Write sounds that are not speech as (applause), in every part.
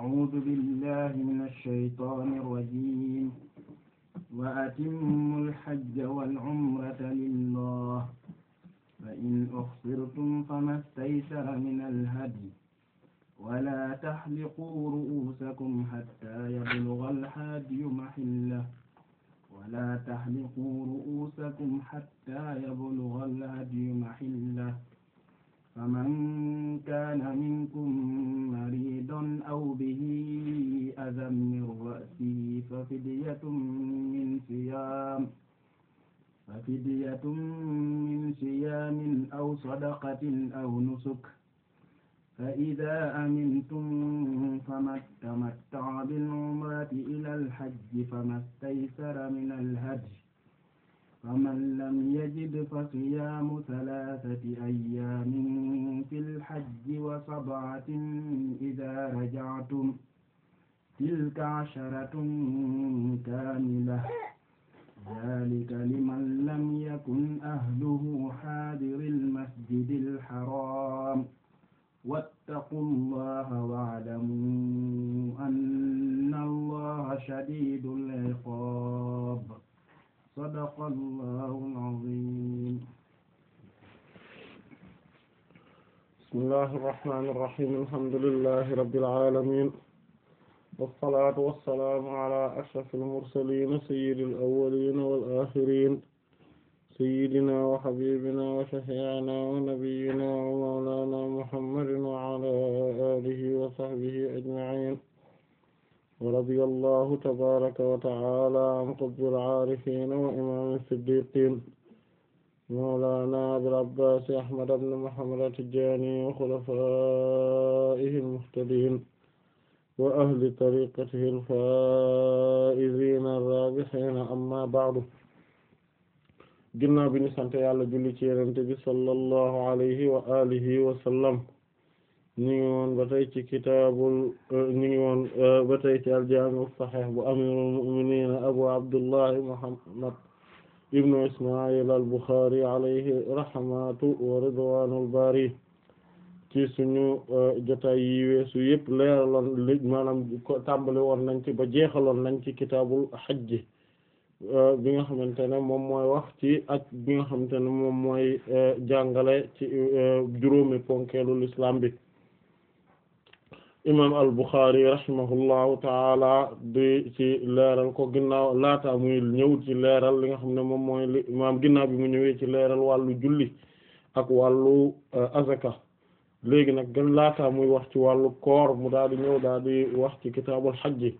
أعوذ بالله من الشيطان الرجيم وأتموا الحج والعمرة لله فإن أخصرتم فما استيسر من الهدي ولا تحلقوا رؤوسكم حتى يبلغ الحادي محله ولا تحلقوا رؤوسكم حتى يبلغ الهدي محله فمن كان منكم مريضا أو به أذى من رأسه ففدية من صيام ففدية من صيام أو صدقة أو نسك فإذا أمنتم فمن تمتع بالعمرة إلى الحج فما استيسر من الهدي فمن لم يجد فصيام ثلاثة أيام في الحج وسبعة إذا رجعتم تلك عشرة كاملة ذلك لمن لم يكن أهله حاضر المسجد الحرام واتقوا الله واعلموا أن الله شديد العقاب sadaqallaahul aziim bismillaahir rahmaanir rahiim alhamdulillaahi rabbil aalamiin wassalaatu wassalaamu alaa ashrafil mursaliin sayyidil awwaliina wal aaxiriin sayyidinaa wa habiibinaa wa shafii'inaa wa nabiyyinaa wa mawlaanaa muhammadin wa alaa aalihi wa sahbihi ajma'iin ورضي الله تبارك وتعالى عن قطب العارفين وإمام الصديقين مولانا أبي العباس أحمد بن محمد التجاني وخلفائه المهتدين وأهل طريقته الفائزين الرابحين أما بعد ginnaaw bi ñu sant Yàlla julli ci Yonent bi sallallahu alayhi wa alihi wa sallam ñu ngi woon ba ci kitaabul ñu ngi woon ba tey ci e, al-jaami' as bu amiirul mu'miniin abu abdullahi muhammad ibnu isma'il al-Bukhari alayhi rahmatu wa ridwaanul baari ci suñu e, jotaay yi weesu yëpp leeraloon li maanaam tàmbali woon nañ ci ba jeexaloon nañ ci kitaabul hajj e, bi nga xamante ne moom mooy wax ci ak bi nga xamante ne moom mooy jàngale ci juróomi ponkeelu imam al-Bukhari rahimahullahu taala di ci leeral ko ginnaaw laata muy ñëw ci leeral li nga xam ne moom mooy li imaam ginnaaw bi mu ñëwee ci leeral wàllu julli ak wàllu euh, azaka léegi nag gën laata muy wax ci wàllu koor mu daal di ñëw daal di wax ci kitaabul xajji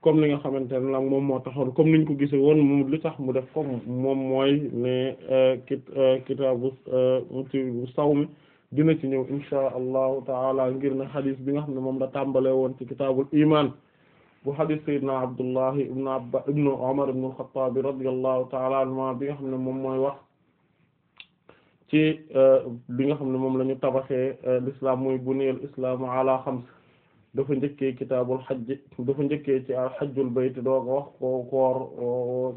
comme li nga xamante ne nag moom moo taxoon comme niñ ko gisee woon moom li tax mu def comme moom mooy ne euh, kit euh, kitaabu sawmi dina ci ñëw insha allahu taala ngir xadis bi nga xam ne moom la tàmbale woon ci kitaabul iman bu xadis sayyidina abdullahi ibnu abba ibnu umar ibnu alxataabi radiyallahu taala anhuma bi nga xam ne moom mooy wax ci bi nga xam ne moom la ñu tabaxee euh, l'islam muy buniyal islaamu ala xams dafa njëkkee kitaabul xajj dafa njëkkee ci xajjul bayt dooga wax ko koor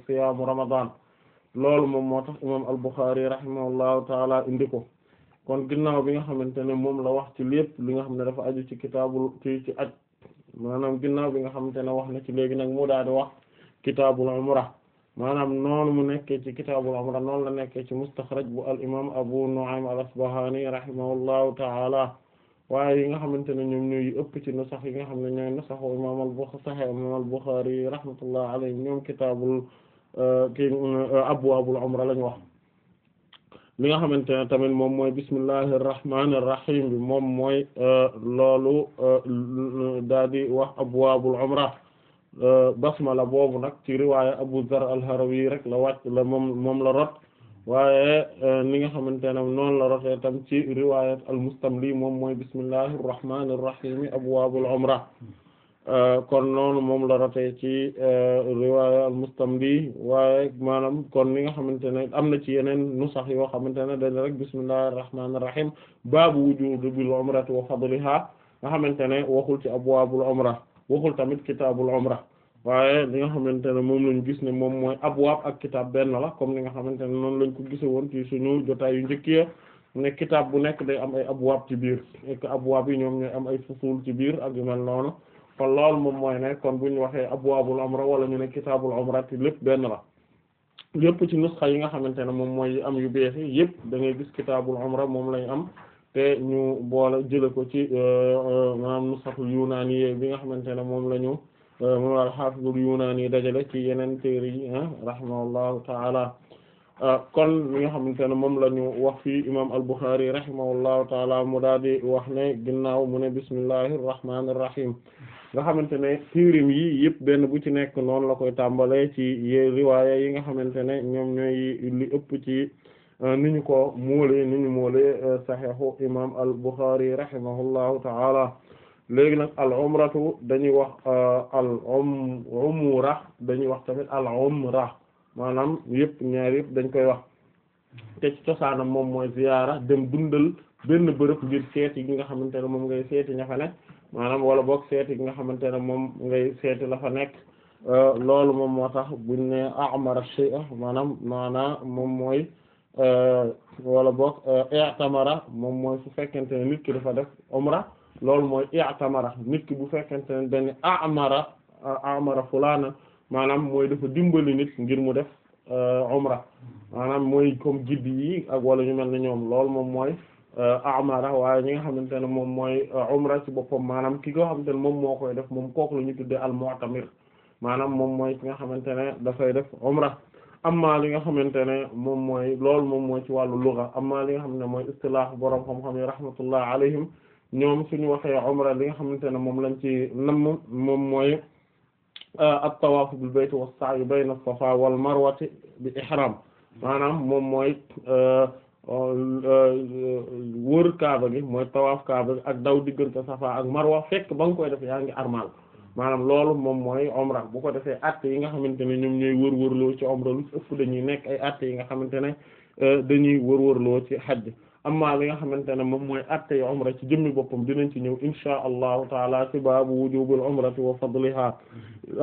siyaamu ramadan loolu moom moo tax imam al-Bukhari taala indi kon ginnaaw bi nga xamante ne moom la wax ci lépp li nga xam ne dafa aju ci kitaabul ci ci aj maanaam ginnaaw bi nga xamante ne wax na ci léegi nag mu daal di wax kitaabul umra maanaam noonu mu nekkee ci kitaabul umra noonu la nekkee ci mustaxraj bu al imam abu nu'aym al asbahani rahimahullahu ta'ala waaye yi nga xamante ne ñoom ñooy ëpp ci nu sax yi nga xam ne ñooy nu saxu imam al buxaari saxe imam al buxaari rahmatullah alayhi ñoom kitaabul euh, kii euh, abwaabul umra lañu wax li nga xamante ne tamit moom mooy bismillahir rahmanir rahim bi moom mooy euh, loolu euh, daal di wax abwaabul umra euh, basmala boobu nag ci riwaaya Abu Zar al-Harawi rek la wàcc la moom moom la rot waaye ni nga xamante ne noonu la rotee tam ci riwaayat al-Mustamli moom mooy bismillahir rahmanir rahim abwaabul umra Euh, kon noonu moom la rotee ci euh, riwaaya al-Mustamli waaye maanaam kon li nga xamante ne am na ci yeneen nu sax yoo xamante ne dañ rek bismillahir rahmanir rahim baabu wujuubi bil umrati wa fadliha nga xamante ne waxul ci abwaabul umra waxul tamit kitaabul umra waaye li nga xamante ne moom lañ gis ne moom mooy abwaab ak kitaab benn la comme li nga xamante ne noonu lañ ko gise woon ci suñu jotaay yu njëkk ya ne kitaab bu nekk day am ay abwaab ci biir et que abwaab yi ñoom ñooy am ay fusul ci biir ak yu noonu kon loolu moom mooy ne kon bu ñu waxee abwaabul umra wala ñu ne kitaabul umra te lépp benn la yépp ci nusxa yi nga xamante ne moom mooy am yu bees yi yépp da ngay gis kitaabul umra moom lañ am te ñu boole jële ko ci euh, euh, maanaam nusxatul yunaani bi nga xamante ne moom la ñu euh, moom al-haafizul yunaani dajale ci yeneen téere yi ah, rahimahullahu taala kon li nga xamante ne moom la ñu wax fii imam al-Bukhari rahimahullahu taala mu daal di wax ne ginnaaw mu ne bismillahir rahmanir rahim nga xamante ne tirim yi yëpp benn bu ci nekk noonu la koy tàmbalee ci y riwaaya yi nga xamante ne ñoom ñooy li ëpp ci euh, ni ñu ko moolee ni ñu moolee euh, saxiixu imam al Bukhari rahimahullahu ta'ala léegi nag al umratu dañuy wax euh, al umra dañuy wax tamit al umra maanaam yëpp ñaar yëpp dañ koy wax te ci cosaanam moom mooy ziyaara dem dundal benn bërëb ngir seeti gi nga xamante ne moom ngay seeti ña fa nekk maanaam wala boog seeti gi nga xamante ne moom ngay seeti la fa nekk euh, loolu moom moo tax buñ ne a'mara shay'a maanaam maanaa moom mooy euh, wala boog euh, i'tamara moom mooy su fekkente ne nit ki dafa def umra loolu mooy i'tamara nit ki bu fekkente ne dañ a'mara a'mara fulaana maanaam mooy dafa dimbali nit ngir mu def umra maanaam mooy comme giddi yi ak wala ñu mel ne ñoom lool moom mooy Euh, amara waaye ñi nga xamante ne moom mooy euh, umra ci boppam maanaam ki nga xamante ne moom moo koy def moom kooku la ñu tuddee al mu'tamir maanaam moom mooy ki nga xamante ne dafay def umra amma li nga xamante ne moom mooy loolu moom mooy ci wàllu lugha amma li nga xam ne mooy istilah borom xam-xam yi rahmatullah alayhim ñoom suñu waxee umra bi nga xamante ne moom lañ ci namm moom mooy euh, at-tawaaf bil bayt was-sa'y bayna as-safa wal marwati bi ihram maanaam moom mooy Euh, euh, wër kaaba gi mooy tawaaf kaaba gi ak daw diggante safa ak marwa fekk ba nga koy def yaa ngi armal maanaam loolu moom mooy omra bu ko defee att yi nga xamante ne ñoom ñooy wër-wërloo ci omra lu ci ëpp dañuy nekk ay att yi nga xamante ne euh, dañuy wër-wërloo ci xajj amma li nga xamante ne moom mooy atte yi umra ci jëmmi boppam dinañ ci ñëw insha allahu taala ci baabu wujuubul umrati wa fadliha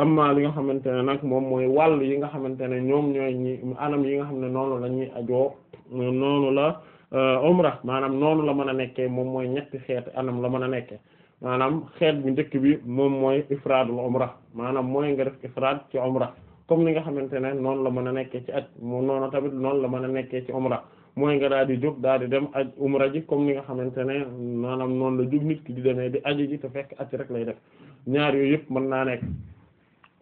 amma li nga xamante ne nag moom mooy wàll yi nga xamante ne ñoom ñooy ñi anam yi nga xam ne noonu la ñuy ajoo noonu la euh, umra maanaam noonu la mën a nekkee moom mooy ñetti xeet anam la mën a nekkee maanaam xeet bu njëkk bi moom mooy ifraadul umra maanaam mooy nga def ifraad ci umra comme ni nga xamante ne noonu la mën a nekkee ci aj moom noonu tamit noonu la mën a nekkee ci umra mooy nga daal di jóg daal di dem aj umra comme ni nga xamante ne maanaam noonu la jóg nit ki di demee di aji ji te fekk aj rek lay dem ñaar yooyu yëpp mën naa nekk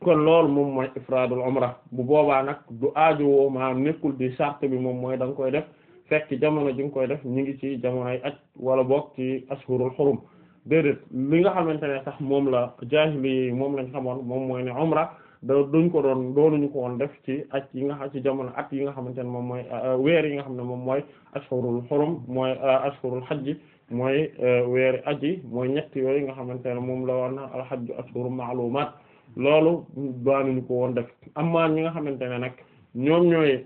kon loolu moom mooy ifradul umra bu boobaa nag du aajo woo maanaam nekkul di charte bi moom mooy da koy def fekk jamono ji nga koy def ñu ngi ci jamonoy aj wala boog ci ashurul xurum déedéet li nga xamante ne sax moom la jaahili moom lañ xamoon moom mooy ne umra da duñ ko doon doonuñu ko woon def ci aj yi nga xam ci jamono at yi nga xamante ne moom mooy euh, euh, weer yi nga xam ne moom mooy ashurul xurum mooy euh, ashurul xajji mooy weeri aji mooy ñett yooyu nga xamante ne moom la woon alxajju ashurul maalumaat loolu daanuñu ko woon def ammaa ñi nga xamante ne nag ñoom ñooy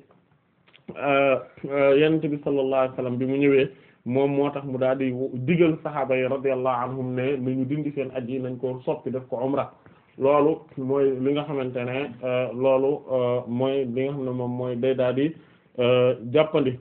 euh, euh, yonent bi sallallahu alayhi wasallam bi mu ñëwee moom moo tax mu daal di digal saxaaba yi radiyallahu anhum ne ñu dindi seen aj yi nañ ko soppi def ko umra loolu mooy li nga xamante ne euh, loolu mooy li nga xam ne moom mooy day daal di jàppandi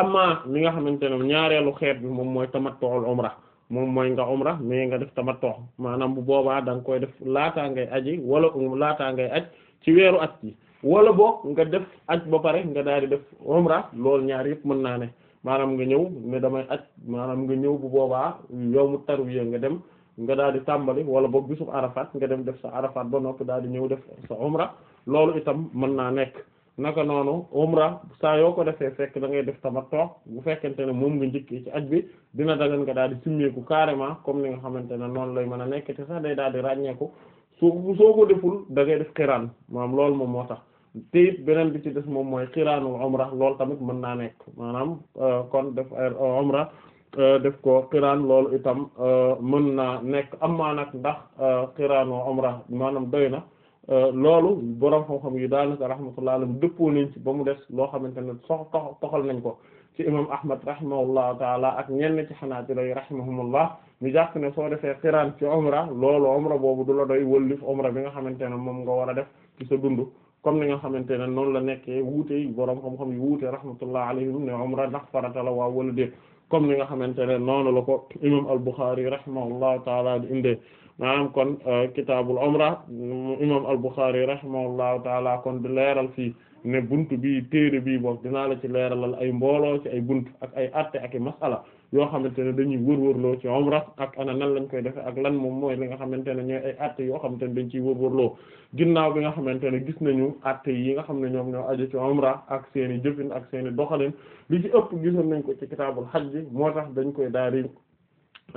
amaa li nga xamante ne ñaareelu xeet bi moom mooy tamattu'ul umra moom mooy nga umra mais nga def tamattu maanaam bu boobaa danga koy def laataa ngay aji wala laataa ngay aj ci weeru aj ci wala boog nga def aj ba pare nga daal di def umra loolu ñaar yëpp mën naa ne maanaam nga ñëw ne damay aj maanaam nga ñëw bu boobaa yow mu tarwiya nga dem nga daal di tàmbali wala boog bisu arafat nga dem def sa arafat ba noppi daal di ñëw def sa umra loolu itam mën naa nekk naka noonu umra saa yoo ko defee fekk da ngay def tamattu bu fekkente ne moom nga njëkkee ci at bi dina dagan nga daal di simmeeku carrément comme ni nga xamante ne noonu lay mën a nekk te sax day daal di ràññeeku soo soo ko deful da ngay def xiraan maanaam loolu moom moo tax te beneen bi ci des moom mooy xiraanu umra lool tamit mën naa nekk maanaam euh, kon def ay euh, umra euh, def ko xiraan loolu itam mën naa nekk am maa nag ndax xiraanu umra maanaam doy na Euh, loolu borom xam-xam yu daanaka rahmatullah alayhi dëppoo nañ ci ba mu des loo xamante ne sox toxal nañ ko ci imam Ahmad rahimahullahu taala ak ñenn ci xanaatila yi rahimahumullah ñu jàpp ne soo defee xiraan ci umra loolu boobu du la doy wëllif umra bi nga xamante ne moom nga war a def ci sa dund comme ni nga xamante ne noonu la nekkee wuute borom xam-xam yu wuute rahmatullah alayhim ne umra ndax farata la waa wala déet comme ni nga xamante ne noonu la ko imam al-Bukhari rahimahullahu taala di indee maanaam kon euh, kitaabul umra imam al-Bukhari rahimahullahu taala kon di leeral fi ne bunt bi téere bii boog dinaa la ci leeralal ay mbooloo ci ay buntu ak ay atte ak i masala yoo xamante ne dañuy wërwërloo ci omra ak ana nan lañ koy defee ak lan moom mooy li nga xamante ne ñooy ay atte yoo xamante ne dañ ciy wërwërloo ginnaaw bi nga xamante ne gis nañu atte yi nga xam ne ñoom ñoo aju ci omra ak seen i jëfin ak seeni i doxalin li ci ëpp gisoon nañ ko ci kitaabul hajj moo tax dañ koy daari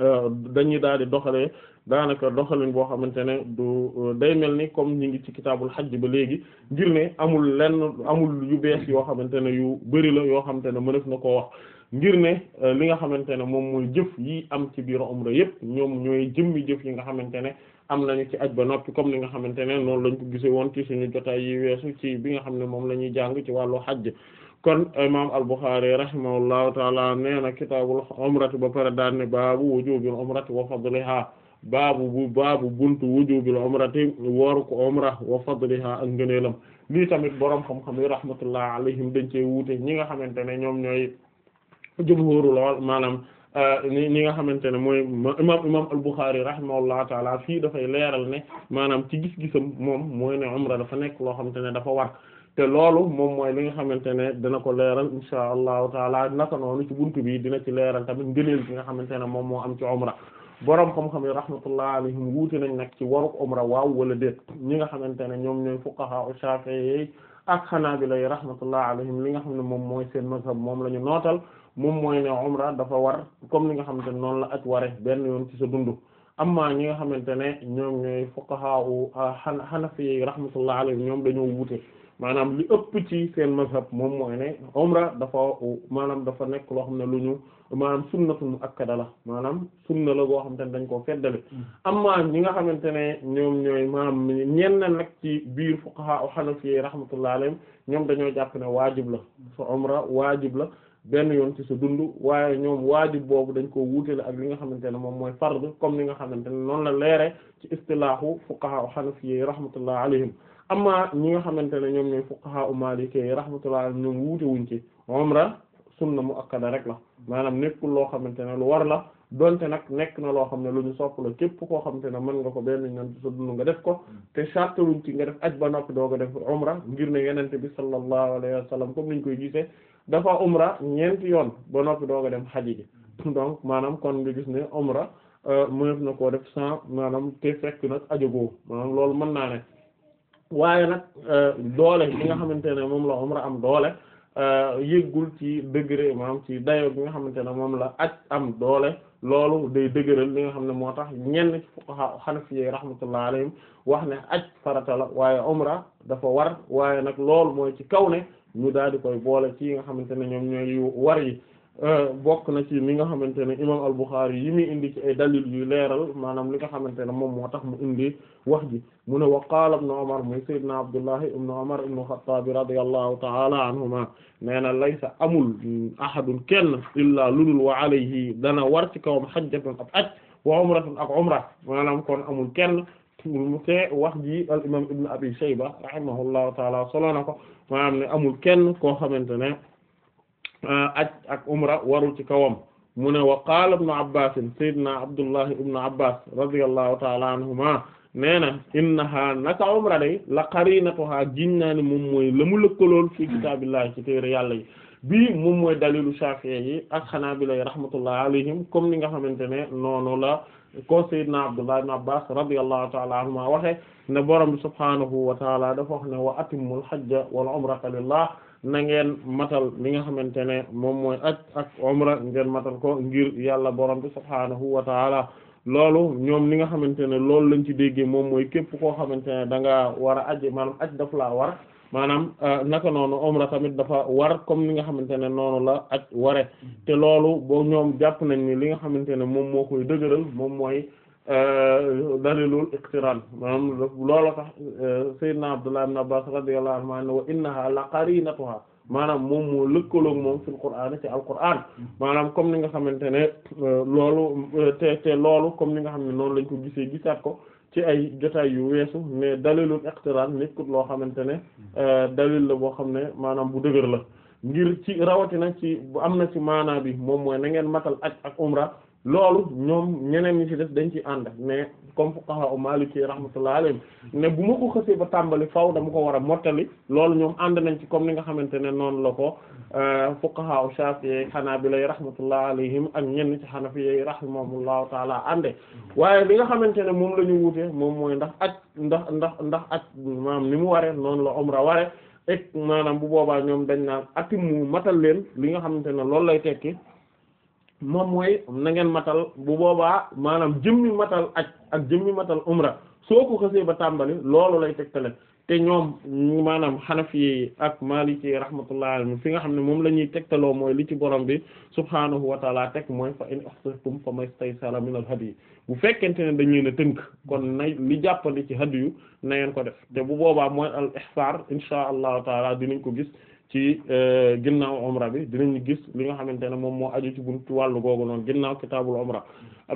Euh, dañuy daal di doxalee daanaka doxalin boo xamante ne du euh, day mel ni comme ñi ngi ci kitaabul xajj ba léegi ngir ne amul lenn amul yu bees yoo xamante ne yu bëri la yoo xamante ne mëneef na koo wax ngir ne euh, li nga xamante ne moom mooy jëf yi am ci biir umra yépp ñoom ñooy jëmmi jëf yi nga xamante ne am nañu ci aj ba noppi comme li nga xamante ne noonu lañ ko gisee woon ci suñu jotaay yi weesu ci bi nga xam ne moom la ñuy jàng ci wàllu xaj kon imam al-Bukhari rahimahullahu taala nee na kitaabul umrati ba pare daan ne baabu wujubil umrati wa fadliha baabu bu baabu buntu wujubil umrati wooru ko umra wa fadliha ak ngëneelam lii tamit borom xam-xam yi rahmatullah alayhim dañ cee wuute ñi nga xamante ne ñoom ñooy jumhurul lool maanaam euh, ñi nga xamante ne mooy imam imam al-Bukhari rahimahullahu taala fii dafay leeral ne maanaam ci gis-gisam moom mooy ne umra dafa nekk loo xamante ne dafa war te loolu moom mooy li nga xamante ne dana ko leeral insha allahu taala naka noonu ci bunt bi dina ci leeral tamit ngëneel bi nga xamante ne moom moo am ci umra boroom xam-xam yi rahmatullah alayhim wuute nañ nag ci waruk umra waaw wala déet ñi nga xamante ne ñoom ñooy fuqaha u shafi'i ak xanaabila yi rahmatullah alayhim li nga xam ne moom mooy seen mazhab moom la ñu nootal moom mooy ne umra dafa war comme li nga xamante ne noonu la aj ware benn yoon ci sa dund amma ñi nga xamante ne ñoom ñooy fuqaha u xanafi yi rahmatullah alayhim ñoom dañoo wuute maanaam li ëpp ci seen mazhab moom mooy ne umra dafa maanaam dafa nekk loo xam ne lu ñu maanaam sunnatu muakkada la maanaam sunna la goo xamante ne dañ koo feddale hmm. amma ñi nga xamante ne ñoom ñooy maanaam ñenn nag ci biir fuqaha o hanafi rahmatullah alayhim ñoom dañoo jàpp ne waajib la sa umra waajib la benn yoon ci sa dund waaye ñoom waajib boobu dañ koo wuutale ak li nga xamante ne moom mooy fard comme li nga xamante ne noonu la leere ci istilaahu fuqaha o hanafi rahmatullah alayhim amma ñi nga xamante ne ñoom ñooy fuqaha u Maliki rahmatullah ñoom wuute wuñ ci umra sunna muakkada rek la maanaam nekkul loo xamante ne lu war la donte nag nekk na loo xam ne lu ñu sopp la képp koo xamante ne mën nga ko benn ñan sa dund nga def ko te charte wuñ ci nga def aj ba noppi doo ko def umra ngir ne yenente bi sallallahu alayhi wa sallam comme niñ koy gisee dafa umra ñeenti yoon ba noppi doo ko dem xaji gi donc maanaam kon nga gis ne umra euh, mënef na koo def sans maanaam te fekk nag ajogoo maanaam loolu mën naa ne waaye nag euh, doole bi nga xamante ne moom la umra am doole euh, yëgul ci degré maanaam ci dayo bi nga xamante ne moom la aj am doole loolu day dëgëral li nga xam ne moo tax ñenn ci fuqaha hanafiyyi rahmatullah alayhim wax ne aj farata la waaye umra dafa war waaye nag loolu mooy ci kaw ne ñu daal di koy boole ci nga xamante ne ñoom ñooy war yi Euh, bokk na ci li nga xamante ne imam al-Bukhari yi muy indi ci ay dalil yu leeral maanaam li nga xamante ne moom moo tax mu indi wax ji mu ne wa qaala ibnu Umar muy sayyidna Abdullahi ibnu Umar ibnu Xattaab radiyallahu ta'ala anhuma nee na laysa amul ahadun kenn illaa ludul wa alayhi dana war ci kawam hajjatun ak aj wa umratun ak umra maanaam kon amul kenn mu te wax ji al imam ibnu Abi Shayba rahimahullahu ta'ala solo na ko maanaam ne amul kenn koo xamante ne Euh, aj ak umra warul ci kawam mu ne wa qaala ibnu abbas sayyidina abdullah ibnu abbas radiyallahu ta'ala anhuma nee na innaha naka umra day la qarinatuha gin naa ni moom mooy la mu lëkkalool fi kitaabillahi ci téere yàlla yi bii moom mooy dalilu Shafi'i yi ak Hanabila yi rahmatullah alayhim comme ni nga xamante ne noonu la ko sayyidina Abdullah ibn Abbas radiyallahu ta'ala anhuma waxe ne borom bi subhanahu wa ta'ala dafa wax ne wa atimmul hajja wal umrata lillah na ngeen matal li nga xamante ne moom mooy aj ak umra ngeen matal ko ngir yàlla borom bi subhaanahu wa taala loolu ñoom li nga xamante ne loolu lañ ci déggee moom mooy képp koo xamante ne da nga war a aj maanaam aj daf laa war maanaam euh, naka noonu umra tamit dafa war comme li nga xamante ne noonu la aj ware mm-hmm. te loolu bo ñoom jàpp nañ ni li nga xamante ne moom moo koy dëgëral moom mooy Euh, dalilul iqtiran maanaam loolu tax euh, Seydina Abdullah ibn Abbas radiyallahu anhu maanaam wa innaha la qarinatuha maanaam moom moo lëkkaloog moom fil Qur'an ci al-Qur'an maanaam comme ni nga xamante ne euh, loolu te te loolu comme ni nga xam ne noonu lañ ko gisee gisaat ko ci ay jotaay yu weesu mais dalilul iqtiran nekkut loo xamante ne dalil la boo xam ne maanaam bu dëgër la ngir ci rawatina ci am na ci maanaa bi moom mooy na ngeen matal aj ak umra loolu ñoom ñeneen ñi ci des dañ ci ànd mais comme fuqaha maliki rahmatullah alayhi ne bu ma ko xësee ba tàmbali faaw dama ko war a mottali loolu ñoom ànd nañ ci comme ni nga xamante ne noonu la ko euh, fuqaha shafi'i hanabila rahmatullah alayhim ak ñenn ci hanafi rahimahumullahu taala ànde waaye li nga xamante ne moom la ñu moom mooy ndax ak ndax ndax ndax aj maanaam ni mu waree noonu la umra waree ek maanaam bu boobaa ñoom dañ naan atimu matal leen li nga xamante ne loolu lay tekki moom mooy na ngeen matal bu boobaa maanaam jëmmi matal aj ak jëmmi matal umra soo ko xësee ba tàmbali loolu lay tegtale te ñoom maanaam xanafi ak maliki rahmatullah alayhim fi nga xam ne moom la ñuy tegtaloo mooy li ci borom bi subhaanahu wa taala teg mooy fa in ihsirtum fa mastaysara min al hadi bu fekkente ne dañ leen a tënk kon nay li jàppandi ci hadiyu na ngeen ko def te bu boobaa mooy al ihsar insha allahu taala dinañ ko gis ci euh, ginnaaw umra bi dinañu gis li nga xamante ne moom moo aju ci buntu wàllu googu noonu ginnaaw kitaabul umra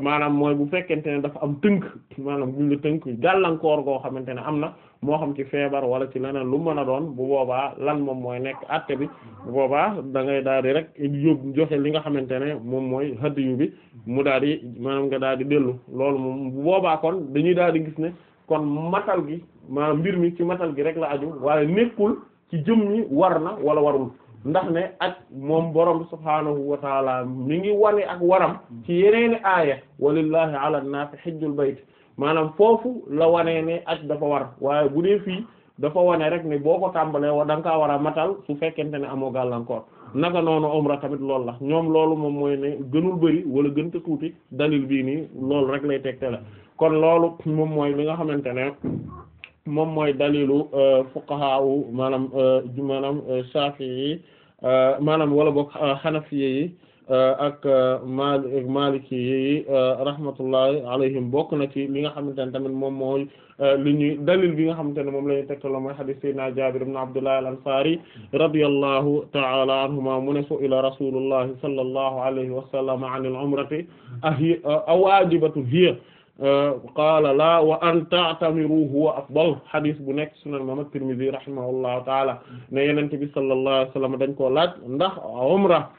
maanaam mooy bu fekkente ne dafa am tënk maanaam buñ la tënk gàllankoor goo xamante ne am na moo xam ci feebar wala ci leneen lu mën a doon bu boobaa lan moom mooy nekk àtte bi bu boobaa da ngay daal di rek yóbbu joxe li nga xamante ne moom mooy hadiyu bi mu daal di maanaam nga daal di dellu loolu moom bu boobaa kon dañuy daal di gis ne kon matal gi maanaam mbir mi ci matal gi rek la aju waaye nekkul. ci jëmm ñi war na wala warul ndax ne ak moom borom subhaanahu wa taala mi ngi wane ak waram ci yeneeni aaya walillahi ala naasi xijjul bayt maanaam foofu la wanee ne ak dafa war waaye bu dee fii dafa wane rek ne boo ko tàmbalee wa da war a matal su fekkente ne amoo gàllankoor naka noonu umra tamit loolu la ñoom loolu moom mooy ne gënul bëri wala gën te tuuti dalil bii nii loolu rek lay tegte la kon loolu moom mooy li nga xamante ne moom mooy dalilu euh, fuqaha u maanaam euh, maanaam euh, Shafi'i maanaam wala boog Hanafi yi ak Mali Maliki yi rahmatullahi alayhim bokk na ci li nga xamante ne tamit moom mooy li ñuy dalil bi nga xamante ne moom la ñuy tegtaloo mooy hadith sayyidina Jabir ibn Abdullah al-Ansari radiyallahu ta'ala anhuma mu ne su'ila rasulullahi sallallahu alayhi wa sallam 'anil umrati ahiya awajibatun hiya Euh, qaala laa wa an ta'tamiru huwa afdal hadith bu nekk sunan imam at-Tirmidhi rahimahullahu taala ne yonent bi sallallahu alayhi wa sallam dañ koo laaj ndax umra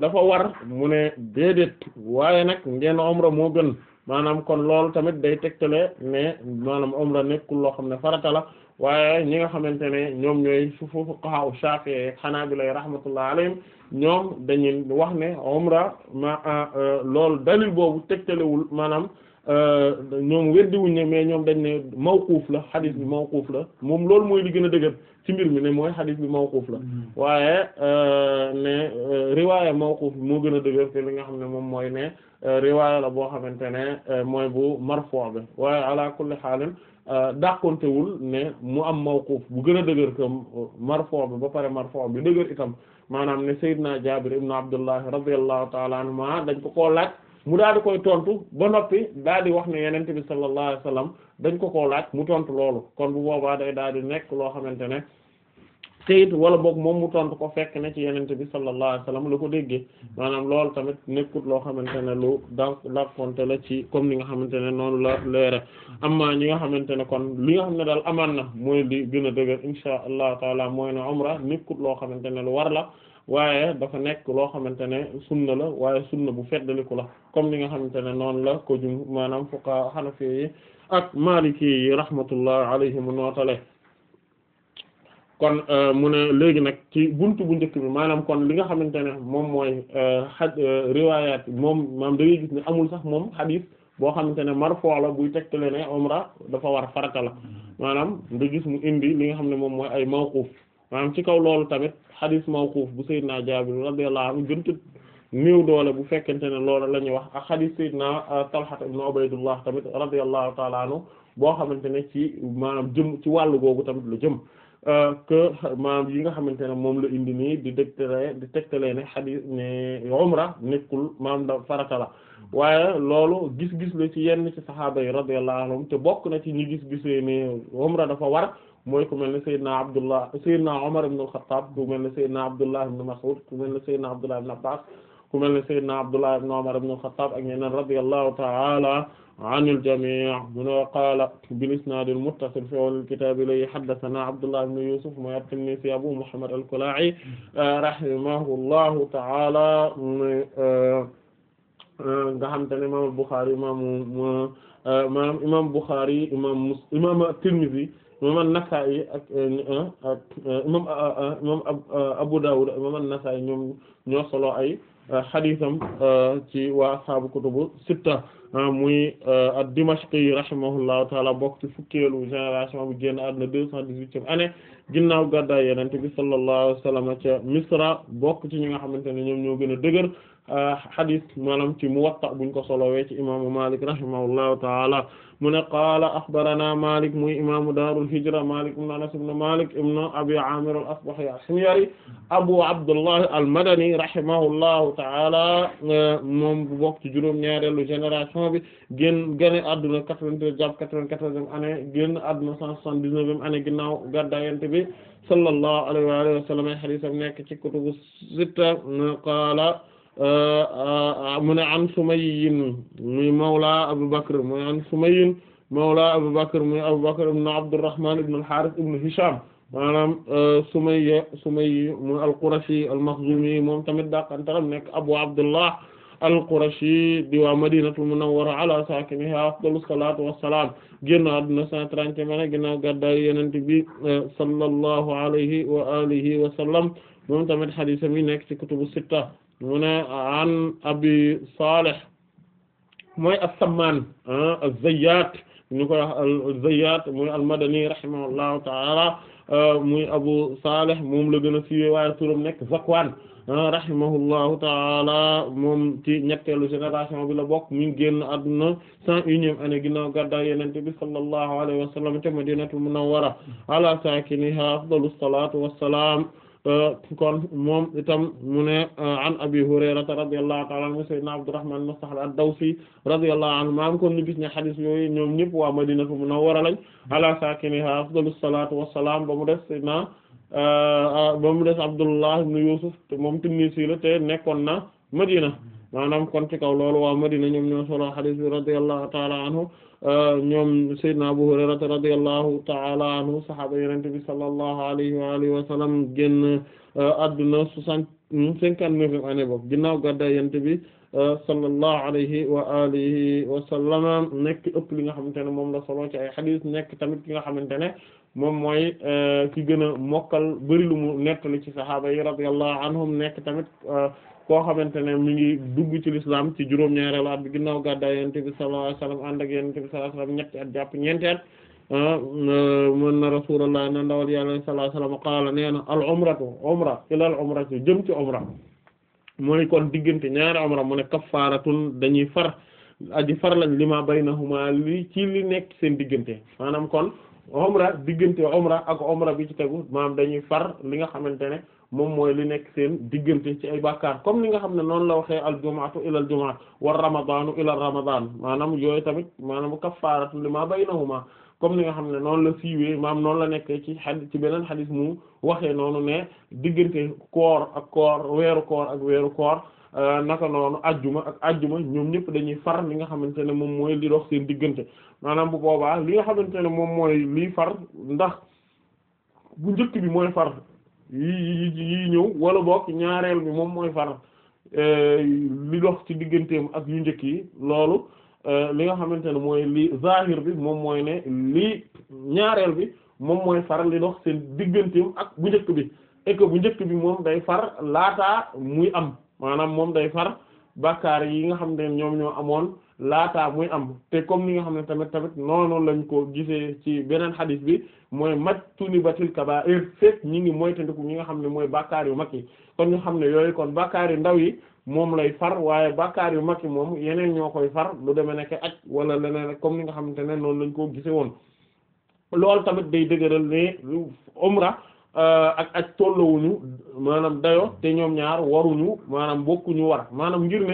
dafa war mu ne déedéet waaye nag ngeen umra moo gën maanaam kon loolu tamit day tegtale ne maanaam umra nekkul loo xam ne farata la waaye ñi nga xamante ne ñoom ñooy fuqaha Shafi'i Hanabila rahmatullah alayhim ñoom dañuy wax ne umra ma euh, loolu dalil boobu tegtalewul maanaam Euh, ñoom weddi wuñ ne mais ñoom dañ ne mawquuf la xadis bi mawquuf la moom loolu mooy li gën a dëgër ci mbir mi ne mooy xadis bi mawquuf la mm-hmm. waaye euh, ne euh, riwaaya mawquuf bi moo gën a dëgër te li nga xam ne moom mooy ne riwaaya la boo xamante ne mooy bu marfoo bi waaye ala kulli xaalin dàqontewul mu am mawquuf bu gën a dëgër que marfoo bi ba pare marfoo bi dëgër itam maanaam ne Seydina Jaabir ibn Abdullah radiyallahu ta'ala anhuma dañ ko koo laaj mu daal di koy tontu ba noppi daal di wax ne yenente bi sallallahu alayhi wasallam dañ ko koo laaj mu tontu loolu kon bu boobaa day daal di nekk loo xamante ne teyit wala boog moom mu tontu ko fekk na ci yenente bi sallallahu alayhi wasallam la ko déggee maanaam loolu tamit nekkut loo xamante ne lu da lakkonte la ci comme li nga xamante ne noonu la leera amma ñi nga xamante ne kon li nga xam ne daal amaan na mooy di gën a dëgër insha allah taala mooy ne umra nekkut loo xamante ne lu war la waaye dafa nekk loo xamante ne sunna la waaye sunna bu feddaliku la comme li nga xamante ne noonu la ko jum maanaam fuqaha hanafi yi ak maliki yi rahmatullah alayhim nootale kon euh, mu léegi nag ci buntu bu njëkk bi maanaam kon li nga xamante ne moom mooy xaj euh, euh, riwayat moom maam da ngay gis ne amul sax moom xadis boo xamante ne marfo la buy tegtale ne umra dafa war farata la mm-hmm. maanaam nga gis mu indi li nga xam ne moom mooy ay mawquf maanaam ci kaw loolu tamit xadis mawquf bu Seydina Jaabir radiyallahu anhu gën néew doole bu fekkente ne loolu la ñuy wax ak xadis Seydina euh, Talha ibn Ubaydullah tamit radiyallahu ta'ala anhu boo xamante ne ci maanaam jëm ci wàllu googu tamit lu jëm euh, que maanaam yi nga xamante ne moom la indi nii di dégtale di tegtalee ne xadis ne umra nekkul maanaam da la waaye loolu gis-gis la ci yenn ci saxaaba yi radiyallahu anhum te bokk na ci ñu gis-gisee ne umra dafa war mooy ku mel ne Seydina Abdullah Seydina Omar ibn al-Khattab ku mel ne Seydina Abdullah ibn Mas'ud ku mel ne Seydina Abdullah ibn Abbas ku mel ne Seydina Abdullah ibn Omar ibn al-Khattab ak ñeneen radiyallahu ta'ala anil jami' mu ne qaala bil isnad al muttasil fi awwal al kitab li haddathana Abdullah ibn Yusuf mooy at-Tinnisi Abu Muhammad al-Kala'i rahimahullahu ta'ala nga xam te ne imam al-Bukhari imam imam Bukhari imam Muslim imam at-Tirmidhi imam an-Nasa'i ak moom eh, eh, imam eh, Abu Dawud imam an-Nasa'i ñoom ñoo solo ay xadisam ci waa ashaabu kutubu sitta muy ad-Dimashqi rahimahullahu taala bokk ci fukkeelu génération bu génn àdduna deux cent dix ci année ginnaaw gàddaay Yonent bi sallallahu alayhi wa sallam ca Misra bokk ci ñi nga xamante ne ñoom ñoo gën a dëgër Euh, xadis maanaam ci Muwatta buñ ko solowee ci imaamu Malik rahimahullahu taala mu ne qaala axbarana Malik muy imaamu daarul hijra Malik ibn Anas ibn Malik ibn Abi Amir al-Asbahi as-Himyari Abu Abdullah al-Madani rahimahullahu taala moom bu bokk ci juróom-ñaareelu génération bi génn génn àdduna 93 jàpp 94e année génn àdduna 179e année ginnaaw gàddaay Yonent bi sallallahu alayhi wa sallam ay xadisam nekk ci kutubu sitta qaala Euh, euh, mu ne an Sumayyin muy mawla Abu Bakr muy an Sumayyin mawla Abu Bakr muy Abu Bakr ibn Abdurrahman ibn al-Harith ibn Hisham maanaam euh, Sumayya Sumayyi muy al-Qurashi al-Makhzumi moom tamit daqantaram nekk Abu Abdullah al-Qurashi di waa Madinatul Munawwara ala saakinihaa afdalu salaatu wa salaam génn àdduna cent trente mane ginnaaw gàddaay Yonent bi sallallahu alayhi wa alihi wa sallam moom tamit hadiis mi nekk ci kutubu sitta mu ne an abi salih mooy as-Samman ah, az-Zayyat ñu koy wax az-Zayyat muy al-Madani rahimahullahu ta'ala ah, muy Abu Salih moom la gën a siiwee waaye turam nekk Zakwan ah, rahimahullahu ta'ala moom ci ñetteelu génération bi la bokk mi ngi génn àdduna cent unième année ginnaaw gàddaay Yonent bi sallallahu alayhi wa sallam ca Madinatul Munawwara ala saakiniha afdalus salaatu wassalaam Euh, kon moom itam mu ne euh, an abi hurayrata radiyallahu ta'ala anhu sayyidina abdurrahman ibn sahl ad-dawsi radiyallahu anhu maam kon ñu gis ne xadis yooyu ñoom ñëpp waa madinatu munawwara lañ ala sakiniha afdalus salatu wassalam ba mu def sayyidina euh, ba mu des abdullah ibn yusuf moom tinnisi la te nekkoon na madina maanaam kon ci kaw loolu waa madina ñoom ñoo solo xadis bi radiyallahu ta'ala anhu ñoom Seydina Abu Hurayrata radiyallahu ta'ala anhu sahaaba Yonent bi sallallahu alayhi wa alihi wa adduna uh, soixante hmm, cinquante-neuf année ginnaaw gàddaay Yonent bi uh, sallallahu alayhi wa alihi nekk ëpp li nga xamante ne moom la solo ci ay xadiis nekk tamit ki nga xamante ne moom mooy uh, ki gën a mokkal bari lu mu nettali ci sahaaba yi radiyallahu anhum nekk tamit koo xamante ne mi ngi dugg ci lislaam ci juróom-ñaareelu at bi ginnaaw gàddaay yonent bi sallallahu alayhi wasallam ànd ak yonent bi sallallahu ñetti at jàpp ñeenti at ah, mën na rasulullah na ndawal yàlla sallallahu alayhi wasallam qaala al umratu umra ila umratu jëm ci umra mooy kon diggante ñaari umra mu ne kafaaratun dañuy far aji far lañ lima baynahuma li ci li nekk seen diggante maanaam kon umra diggante umra ak umra bi ci tegu maanaam dañuy far li nga xamante ne moom mooy li nekk seen diggante ci ay bàkkaar comme ni nga xam ne noonu la waxee aljumaatu ilal jumaat war ramadaanu ilal ramadaan maanaam yooyu tamit maanaam kaffaaratu limaa baynahuma comme ni nga xam ne noonu la siiwee maam noonu la nekk ci xadis ci beneen xadis mu waxee noonu ne diggante koor ak koor weeru koor ak weeru koor euh, naka noonu ajjuma ak ajjuma ñoom ñëpp dañuy far li nga xamante ne moom mooy li dox seen diggante maanaam bu boobaa li nga xamante ne moom mooy liy far ndax bu njëkk bi mooy far yi yi ñëw wala bokk ñaareel bi moom mooy far eh, li dox ci digganteem ak yu njëkk yi loolu eh, li nga xamante ne mooy li zahir bi moom mooy ne li ñaareel bi moom mooy far li dox seen digganteem ak bu njëkk bi et bu njëkk bi moom day far laata muy am maanaam moom day far bàkkaar yi nga xam ne ñoom ñoo amoon laataa muy am te comme ni nga xam ne tamit tamit noonu lañ koo gisee ci beneen xadis bi mooy majtuni batil kaba'ir fekk ñi ngi moytandiku ñi nga xam ne mooy bàkkaar yu mag yi kon ñu xam ne yooyu kon bàkkaar yu ndaw yi moom lay far waaye bàkkaar yu mag yi moom yeneen ñoo koy far lu demee nekk aj wala leneen comme ni nga xamante ne noonu lañ ko gisee woon loolu tamit day dëgëral ne umra euh, ak aj tolluwuñu maanaam dayo te ñoom ñaar waruñu maanaam bokkuñu war maanaam ngir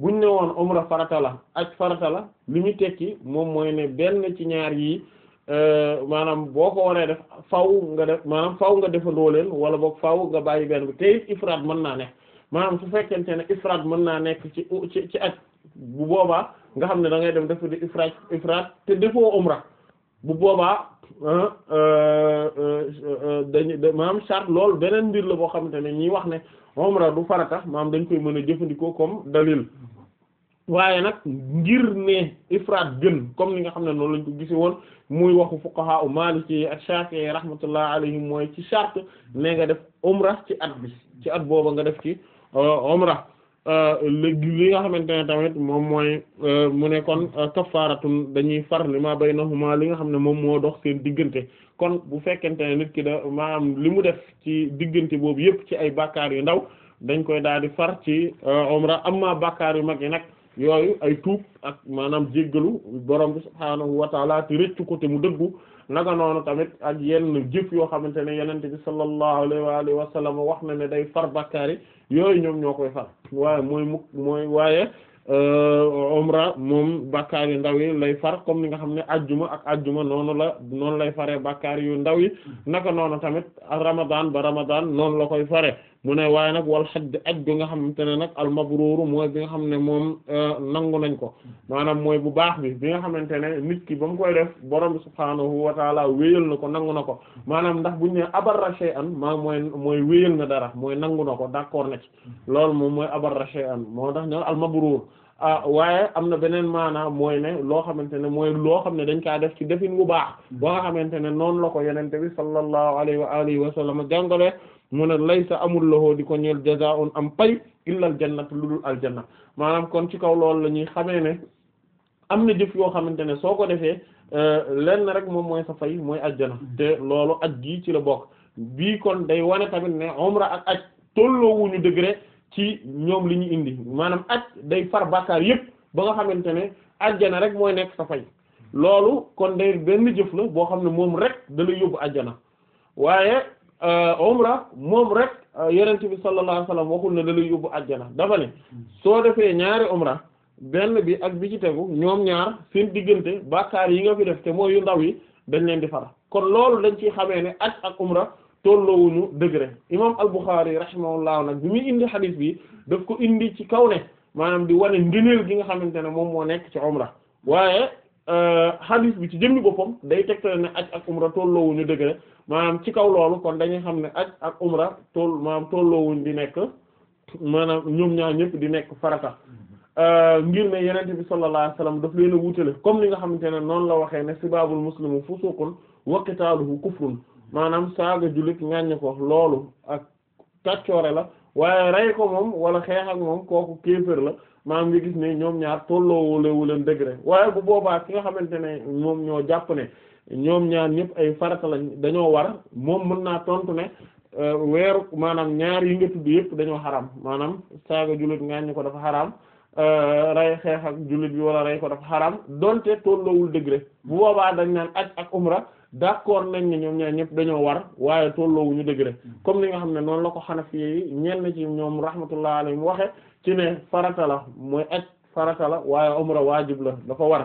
buñ ne woon umra farata la aj farata la li muy tekki moom mooy ne benn ci ñaar yi euh, maanaam boo ko waree def faw nga def maanaam faw nga defandoo leen wala boog faw nga bàyyi benn bi te ifraad mën naa ne maanaam su fekkente ne ifraad mën naa nekk ci ci ci aj bu boobaa nga xam ne da ngay dem def di ifraad ifraad te defoo umra bu boobaa dañu euh, euh, maanaam charte lool beneen mbir la boo xamante ne ñiy wax ne umra du farata maam dañ koy mën a jëfandikoo comme dalil waaye nag ngir ne ifraat gën comme ni nga xam ne noonu lañ ko gisi woon muy waxu fuqaha u ci ak shafi'i rahmatullah alayhim mooy ci shart ne nga def umra ci at bi ci at booba nga def ci euh, umra euh, léegi li nga xamante ne tamit moom mooy euh, mu ne kon dañuy far li ma baynahuma li nga xam ne moom moo dox seen diggante kon bu fekkente ne nit ki da maanaam li mu def ci diggante boobu yëpp ci ay bakkaar yu ndaw dañ koy daal di far ci umra amma bakkaar yu mag yi nag yooyu ay tuub ak maanaam jéggalu borom bi subhaanahu wa taala te rëccu ko te mu dëggu naka noonu tamit ak yenn jëf yoo xamante ne yenente bi sallallahu alayhi wa alihi wa sallam wax na ne day far bakkaar yooyu ñoom ñoo koy far waaye mooy mukk mooy waaye euh, umra moom bakkaar yu ndaw yi lay far comme ni nga xam ne ajjuma ak ajjuma noonu la noonu lay fare bakkaar yu ndaw yi mm. naka noonu tamit ramadan ba ramadan noonu la koy fare mu ne waaye nag wal xaj aj bi nga xamante ne nag al mabruuru mooy bi nga xam ne moom euh, nangu nañ ko maanaam mooy bu baax bi bi nga xamante ne nit ki ba mu koy def borom bi subhaanahu wa taala wéyal na ko nangu na ko maanaam ndax buñ ne abarra shay'an maa mooy mooy wéyal na dara mooy nangu na ko d'accord na ci loolu moom mooy abarra shay'an moo tax ñoo al mabruur ah, waaye am na beneen maanaam mooy ne loo xamante ne mooy loo xam ne dañ kaa def ci defin bu baax ba nga xamante ne noonu la ko yenente bi sallallahu alayhi wa alihi wa sallam jàngale mu ne sa amul loxo di ko ñeel jazaa'un am pay illal jannat lu dul aljanna maanaam kon ci kaw loolu la ñuy xamee ne am na jëf yoo xamante ne soo ko defee euh, lenn rek moom mooy sa fay mooy aljana te loolu aj gi ci la bokk bii kon day wane tamit ne umra ak aj tolloowuñu degré ci ñoom li ñu indi maanaam aj day far bàkkaar yépp ba nga xamante ne aljana rek mooy nekk sa fay loolu kon day benn jëf la boo xam ne moom rek da lay yóbbu aljana waaye Euh, umra moom rek euh, yonent bi sallallahu alayhi wasallam waxul ne da yóbbu àjjana dafa ne soo defee ñaari umra benn bi ak bi ci tegu ñoom ñaar seen diggante bàkkaar yi nga fi def te mooy yu ndaw yi dañ leen di fara kon loolu dañ ciy xamee ne aj ak umra tolloowuñu degré imam al-Bukhari rahimahullah nag bi muy indi xadiis bi daf ko indi ci kaw ne maanaam di wane ngëneel gi nga xamante ne moom moo nekk ci umra waaye euh, xadiis bi ci jëmmi boppam day tegtale ne aj ak umra tolloowuñu degré maanaam ci kaw loolu kon dañuy xam ne aj ak umra tool maanaam tolloowuñ di nekk maanaam ñoom ñaar ñëpp di nekk farata euh, ngir ne yenente bi sallallahu alayhi wasallam daf leen a wutale comme li nga xamante ne noonu la waxee ne si sibaabul muslimu fusuqun wa qitaaluhu kufrun maanaam saaga jullit ngàññe ko loolu ak kàccoore la waaye rey ko moom wala xeex ak moom kooku kéefër la maanaam nga gis ne ñoom ñaar tolloowulewuleen degré waaye bu boobaa ki nga xamante ne moom ñoo jàpp ñoom ñaar ñëpp ay farata lañ dañoo war moom mën naa tontu ne euh, weeru maanaam ñaar yi nga tudd yëpp dañoo xaram maanaam saaga jullit ngaañ ko dafa xaram euh, rey xeex ak jullit bi wala rey ko dafa xaram donte tolloowul degré bu boobaa dañ naan aj ak umra d'accord nañ ne ñoom ñaar ñëpp dañoo war waaye tolloowuñu degré comme li nga xam ne noonu la ko Hanafi yi ñenn ci ñoom rahmatullah alayhim waxe ci ne farata la mooy ak farata la waaye umra waajib la dafa war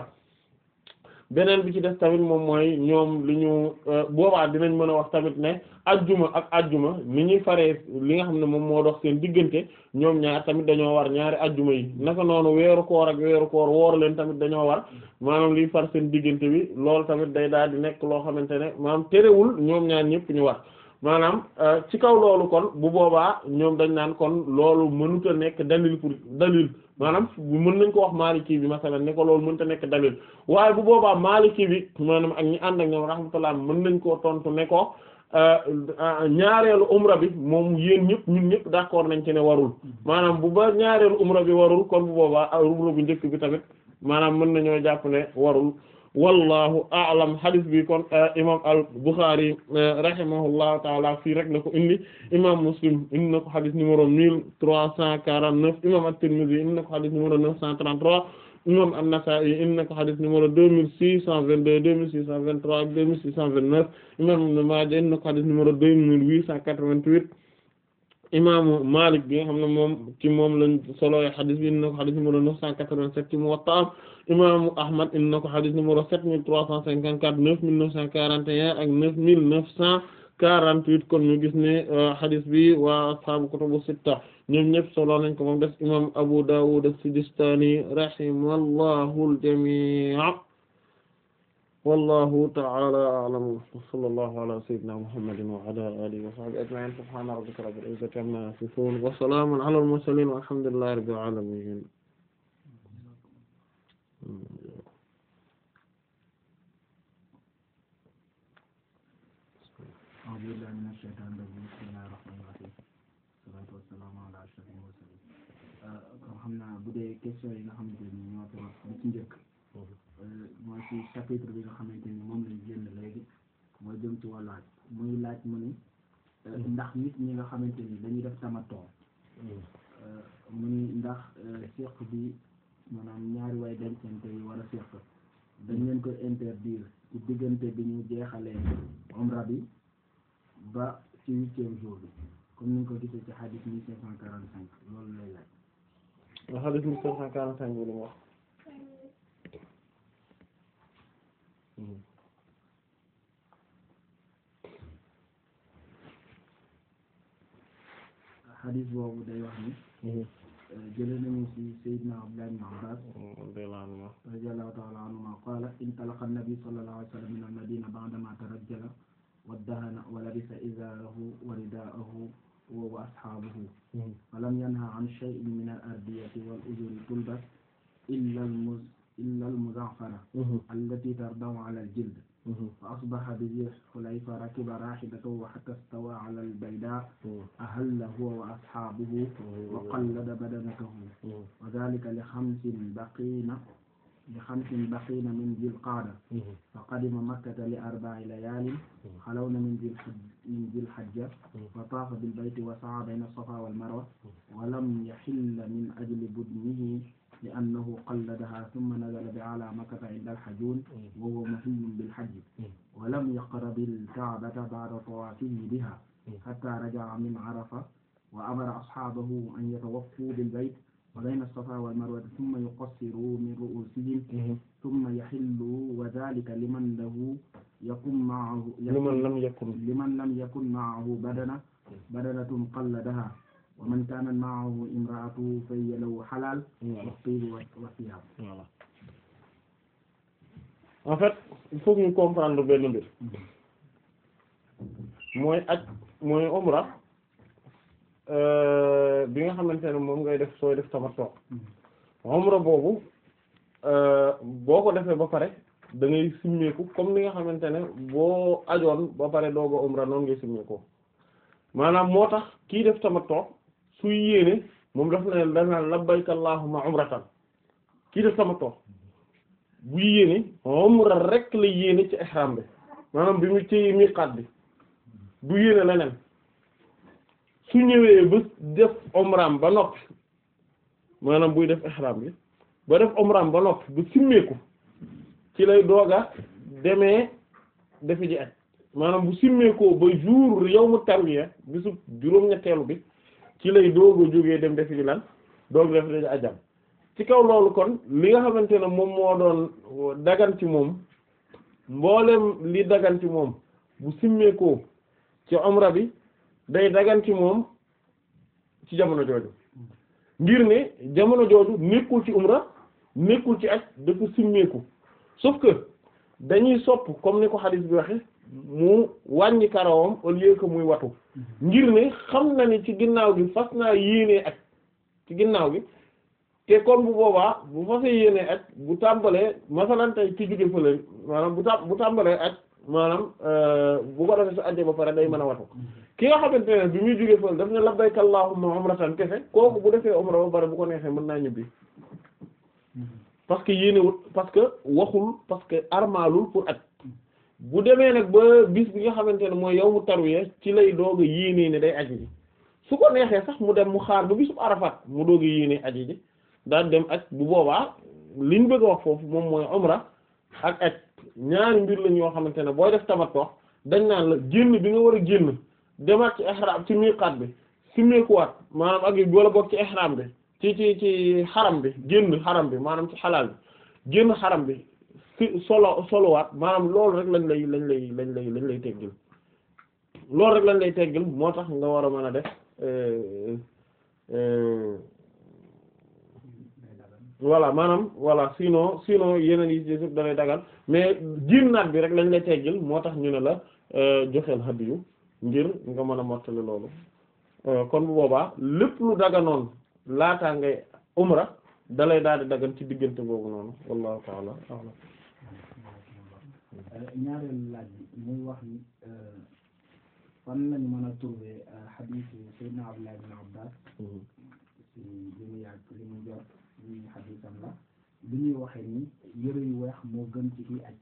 beneen bi ci des tamit moom mooy ñoom li ñu euh, boobaa dinañ mën a wax tamit ne ajjuma ak àjjuma ni ñuy faree li nga xam ne moom moo dox seen diggante ñoom ñaar tamit dañoo war ñaari ajjuma yi naka noonu weeru koor ak weeru koor woor leen tamit dañoo war maanaam liy far seen diggante bi loolu tamit day daal di nekk loo xamante ne maam terewul ñoom ñaar ñëpp ñu war maanaam euh, ci kaw loolu kon bu boobaa ñoom dañ naan kon loolu mënuta nekk dalil pour dalil maanaam mën nañ ko wax kii bi masalan ne ko loolu mënta nekk dalil waaye bu boobaa kii bi maanaam ak ñi ànd ak ñoom rahmatullah mën nañ koo tontu ne ko euh, ñaareelu umra bi moom yéen ñëpp ñun ñëpp d'accord nañ ci ne warul maanaam bu ba ñaareelu umra bi warul kon bu boobaa umra bu njëkk bi tamit maanaam mën nañoo jàpp ne warul. wallahu lam hadith bi kon euh, imam al-Bukhari euh, rahimahullahu taala fii rek la ko indi imam Muslim indi na ko hadith numéro mille trois cent quarante-neuf imam at-Tirmidhi indi na ko hadith numéro neuf cent trente-trois imam an-Nasa'i indi na ko hadith numéro deux mille six cent vingt-deux deux mille six cent vingt-trois ak deux mille six cent vingt-neuf imam Ibn Majah indi na ko deux mille huit cent quatre-vingt-huit imaamu Malik bi nga xam ne moom ci moom lañ solo hadith bi indi na ko cent quatre imaamu Ahmad indi na ko xadis numéro sept mille trois cent cinquante quatre neuf mille neuf cent quarante et un ak neuf mille neuf cent quarante huit kon ñu gis ne euh, xadis bi waa ashaabu kutubu sitta ñoom ñëpp solo nañ ko moom des imam Abu Dawud as-Sijistani rahimallahu al-jamii' wallahu ta'ala a'lam wa sallallahu ala sayyidina muhammadin wa ala alihi wa sahbihi ajma'in subhana rabbika rabbil izzati amma yasifun wa salamun ala al-mursalin walhamdulillahi rabbil alamin أعوذ بالله من الشيطان الرجيم بسم الله الرحمن الرحيم salaatu wa salaamu ala ashrafil mursalin kon xam naa bu dee question yi nga xamante ni ñoo te wax ci njëkk mooy ci chapitre bi nga xamante ni moom lañ génn léegi mooy jëm ci wàllu laaj muy laaj mu ni ndax nit ñi nga xamante ni dañuy def tamatoo mu ni ndax seq bi maanaam ñaari way dencante yi war a seq dañ leen ko interdire ci diggante bi ñu jeexalee omra bi ba ci huitième jour bi comme ni ko gisee ci xadis mille cinq cent quarante cinq loolu lay laaj. waaw xadis mille cinq cent quarante cinq bi lu mu wax. xadis hmm. boobu day wax ni. Hmm. jëlee nañu ci Seydina Abdullah ibn Abbas radiyallahu anhu radiyallahu ta'ala anhuma qala intalaqa an-nabi sallallahu alayhi wa sallam min al-madina ba'dama tarajjala wa dahana wa labisa izarahu wa ridaahu wa ashabuhu wa lam yanha an shay'in min al-ardiyati wal ujuri tulbas illa al-muz'afara mhm. allati tardaw ala al-jild fa asbaha bi Hulayfa rakiba rahilatahu wa hatta stawa ala al-bayda ahalla huwa wa ashabuhu wa qallada badanatahu wa dhalika li khamsin baqina li khamsin baqina min dhil qa'da fa qadima makkata li arba'i layalin khalawna min dhil min dhil hajja wa tafa bil bayti wa sa'a bayna as-safa wal marwa wa lam yahilla min ajli budnihi li annahu qalladaha thumma nazala bi ala makkata inda alxajun wa huwa mafiyun bilxajji wa lam yaqrab alkaabata bada tawaafihi biha xatta rajaca min arafa wa amara asxaabahu an yatawaffuu bilbayt wa bayna alsafa walmarwati thumma yuqassiruu min ru'uusihim thumma yaxilluu wa dalika liman lahu yakun maahu liman lam yakun liman lam yakun maahu badana badanatun qalladaha wa man kaana maahu imraatu fa en fait il faut ñu comprendre benn mbir mooy aj mooy umra euh, bi nga xamante ne moom ngay def sooy def tamattu umra boobu euh, boo ko defee ba pare da ngay simmeeku comme ni nga xamante ne boo ajoon ba pare dooga umra noonu ngay simmeeku maanaam moo tax kii def tamattu suy yéene moom daf na danaan labbayka allahumma umratan kii def sama tool bu yéene umra rek la yéene ci ihram bi maanaam bi mu ci miqaat bi du yéene leneen su ñëwee ba def omraam ba noppi maanaam buy def ihram bi ba def omraam ba noppi ba simmeeku ci lay dooga demee defi ji maanaam bu simmeekoo ba jour yawmu tarwiya bisu juróom-ñetteelu bi ci lay doog jóge dem dem defi lan doog def dañu ajam ci kaw loolu kon li nga xamante ne moom moo doon dagan ci moom mboolem li dagan moom bu simmeekoo ci omra bi day dagan ci moom ci jamono jooju ngir ne jamono jooju nekkul ci umra nekkul ci aj da ko simmeeku sauf que dañuy sopp comme ni ko hadith bi waxe mu wàññi karawam au lieu muy watu mhm. ngir ne xam na ni ci ginnaaw gi fas naa yéenee ak ci ginnaaw gi te bu boobaa bu fasee yéenee ak bu tàmbalee masalan tey ci jóge fële maanaam bu tam bu tàmbalee ak maanaam euh, bu ko defee su àjjee ba pare day mën a watu mhm. ki nga xamante ne bi muy jóge fële daf ne labbayka allahumma umratan kese kooku bu defee umra ba pare bu ko neexee mën naa ñibbi mhm. parce que yéenewut parce que waxul parce que armaalul pour ak bu demee nag ba bis bi nga xamante ne mooy yow mu tarwiya ci lay doog a yéenee ne day aji ji su ko neexee sax mu dem mu xaar ba bisub arafat mu doog a yéenee aji ji daal dem aj bu boobaa liñ bëgg wax foofu moom mooy umra ak aj ñaari mbir lañ yoo xamante ne booy def tamattu dañ naan la génn bi nga war a génn demaat ci ihram ci miqaat bi simmeekuwaat maanaam ak yi wala boog ci ihram bi ci ci ci xaram bi génn xaram bi maanaam ci xalaal bi génn xaram bi si solo solowaat maanaam loolu rek lañ lay lañ lay lañ lañ lay teggil loolu rek lañ lay teggil moo tax nga war a mën a def euh, euh, voilà maanaam voilà sinon sinon yeneen yi ci da lay dagal mais jiinaat bi rek lañ lay teggil moo tax ñu ne la euh, joxeel hadiyu ngir nga mën a mottali loolu kon bu boobaa lépp lu daganoon laataa ngay umra dalay lay daal di dagan ci diggante boobu noonu wallahu ta'ala a'lam Euh, ñaareelu laaj bi muy wax ni euh, fan lañu mën a trouver xadiis euh, yi Seydina Abdullah bin Abbas mm-hmm. si li mu yàgg li mu jot li ñu xadiisam la li ñuy waxee ni yëre yu weex moo gën ci kii aj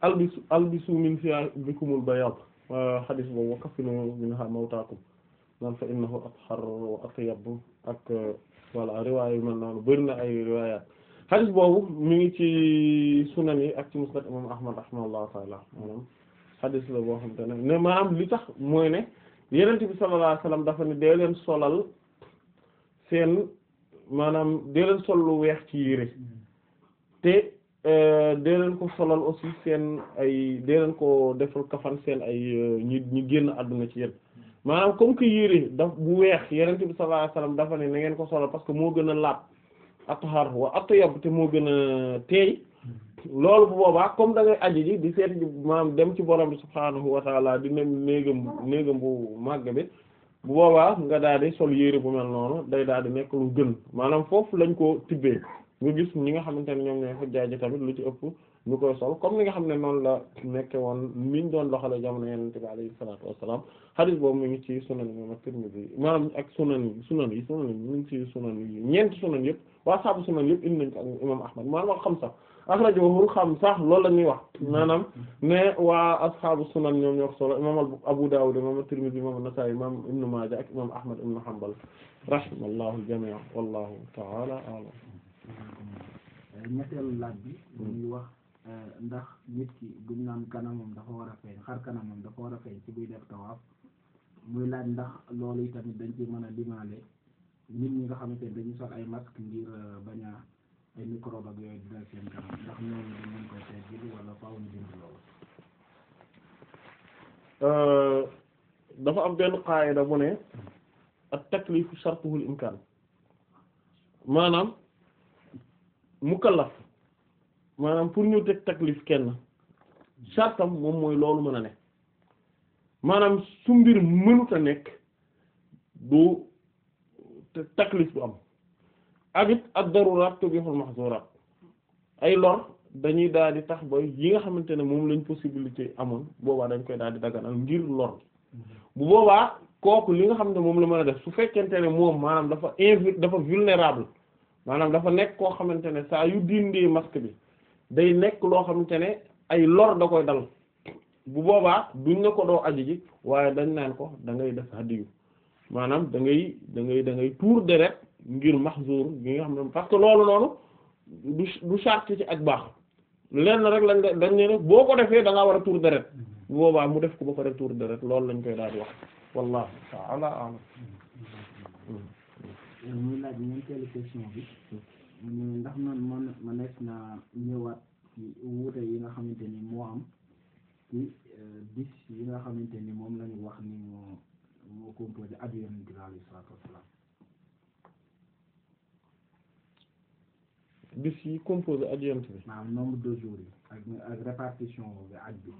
albisu albisu min thiyaabikumul bayaad xadiis boobu wa kaffinu minhaa mawtaakum naan fa innahu athar wa atyab ak walla riwaaya yu mel noonu bari na ay riwaayaat xadis boobu mu ngi ci sunan yi ak ci musnad imam ahmad rahimahullahu taala maanaam xadis la boo xamante ne ne maanaam li tax mooy ne yeneen bi sallallahu alayhi dafa ne dee leen solal seen maanaam dee leen sol lu weex ci yére te euh, dee leen ko solal aussi seen ay dee leen ko defal kafan seen ay euh, ñi ñi génn àdduna ci yéen maanaam comme ko yére daf bu weex yenente bi sallallahu alayhi wasallam dafa ne na ngeen ko solal parce que moo gën a laab athar wa atyab te moo gën a teey loolu bu boobaa comme da ngay aji ji di seet ji maam dem ci borom bi subhaanahu wa taala di ne néegam néegam bu màgg bi bu boobaa nga daal di sol yére bu mel noonu day daal di nekk lu gën maanaam foofu lañ ko tibbee nga gis ñi nga xamante ne ñoom ñooy xujjaaji tamit lu ci ëpp ñu koy sol comme ni nga xam ne noonu la nekke woon niñ doon doxale jamono yenente bi alayhi salaatu wassalaam hadith boobu mu ngi ci sunan imam Tirmidhi maanaam ak sunan yi sunan yi sunan yi mu sunan yi yëpp waa saabu sunan yëpp indi nañ ko ak sax ahmad maanaam xamsa xam xamsa loolu la ñuy wax maanaam ne waa ashaabu sunan ñoom ñoo solo imam abu dawud imam at-tirmidhi imam an-nasa'i imam ibn majah ak imam ahmad ibn hanbal rahimallahu al-jami' wallahu ta'ala a'lam ñetteel laaj bi hmm. ñuy wax eh, ndax nit ki buñ naan kanamam dafa war a feeñ xar kanamam dafa war a feeñ ci buy def tawaaf muy laaj ndax loolu itamit dañ ci mën a limaale nit ñi nga xamante ne dañu sol ay masque ngir euh, bañ a ay microbe ak yooyu dina seen kanam euh, dafa am benn qaayida bu ne ak taklifu shartuhul imkaan maanaam mukallaf maanaam pour ñu teg taklif kenn sartam moom mooy loolu mën a ne maanaam su mbir mënut a nekk du taklif du am ak it ad-daruraat tubihul mahzuraat ay lor dañuy daal di tax ba yi nga xamante ne moom lañ possibilité amoon boobaa dañ koy daal di daganal ngir lor bu boobaa kooku li nga xam ne moom la mën a def su fekkente ne moom maanaam dafa invi dafa vulnérable maanaam dafa nekk koo xamante ne saa yu dindee masque bi day nekk loo xamante ne ay lor da koy dal bu boobaa duñ ne ko doo aji ji waaye dañ naan ko da ngay def hadiyu maanaam da ngay da ngay da ngay tuur deret ngir mahzur bi nga xam ne parce que loolu noonu du du ci ak baax lenn rek lañ dañ ne rek boo ko defee da ngaa war a tuur deret bu mu def ko ba pare tour deret loolu lañ koy daal di wax wallahu ta'ala a'lam muy laaj ñeenteelu question bi ndax man man ma nekk naa ñëwaat ci yi nga xamante ni moo am ci euh, bis yi nga xamante ni moom lañu wax ni moo moo kumpoje abi en gila alayhi salatu bis yi composé ak de jours yi ak répartition bi ak bi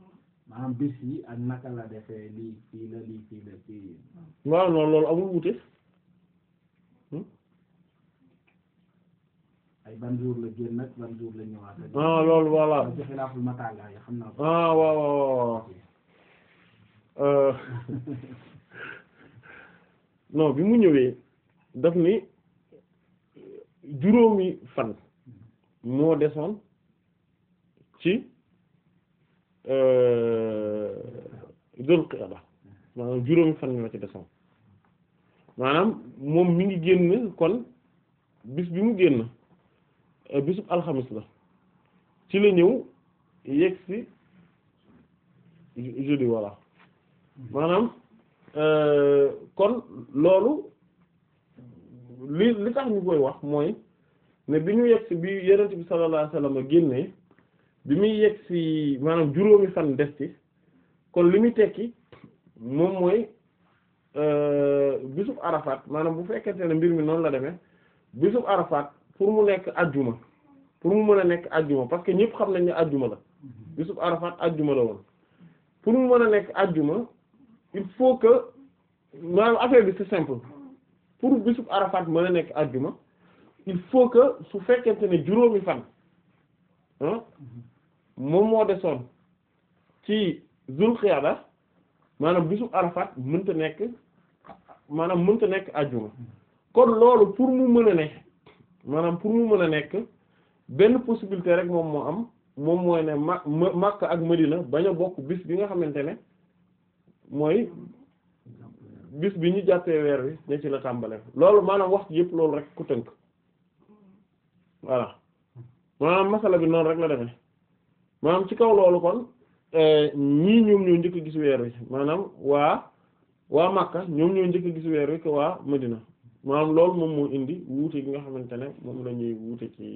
maanaam bis yi ak naka la defee lii fii la lii fii la fii waaw non loolu amul wute hmm? ay ban jour la génn ak ban jour la ñëwaat ah loolu voilà joxe laa ful mataaga yi xam naa ah waaw waaw waaw euh. (laughs) non bi mu ñëwee daf ni juróomi fan moo desoon ci euh, Dul Qa'da maanaam juróomi fan ñoo ci desoon maanaam moom mi ngi génn kon bis bi mu génn euh, bisu alxamis la ci la ñëw yegg si jeudi voilà maanaam Euh, kon loolu li li tax ñu koy wax mooy ne bi ñu yegg si bi yonent bi sallallahu alayhi wasallam génnee bi muy yegg si maanaam juróomi fan des ci kon li muy tekki moom mooy euh, bisub Arafat maanaam bu fekkente ne mbir mi noonu la demee bisub Arafat pour mu nekk ajjuma pour mu mën a nekk ajjuma parce que ñëpp xam nañ ne ajjuma la mhm. bisub Arafat ajjuma la woon pour mu mën a nekk ajjuma il faut que maanaam affaire bi c'est simple pour bisub Arafat mën a nekk àjjuma il faut que su fekkente ni juróomi fan moom moo desoon ci Zul Qiyada maanaam bisub Arafat mënta nekk maanaam mënta nekk àjjuma kon loolu pour mu mën a ne maanaam pour mu mën a nekk benn possibilité rek moom moo am moom mooy ne ma Makka ak Madina bañ a bokk bis bi nga xamante ne mooy bis bi ñu jàppee weer wi ne ci la tàmbalee loolu maanaam wax yëpp loolu rek ku tënk voilà maanaam masala bi noonu rek la demee maanaam ci kaw loolu kon eh, ñii ñoom ñoo njëkk gis weer wi maanaam waa waa Makka ñoom ñoo njëkk gis weer wi que waa dina maam loolu moom moo indi wuute gi nga xamante ne moom lañuy ñuy wuute ci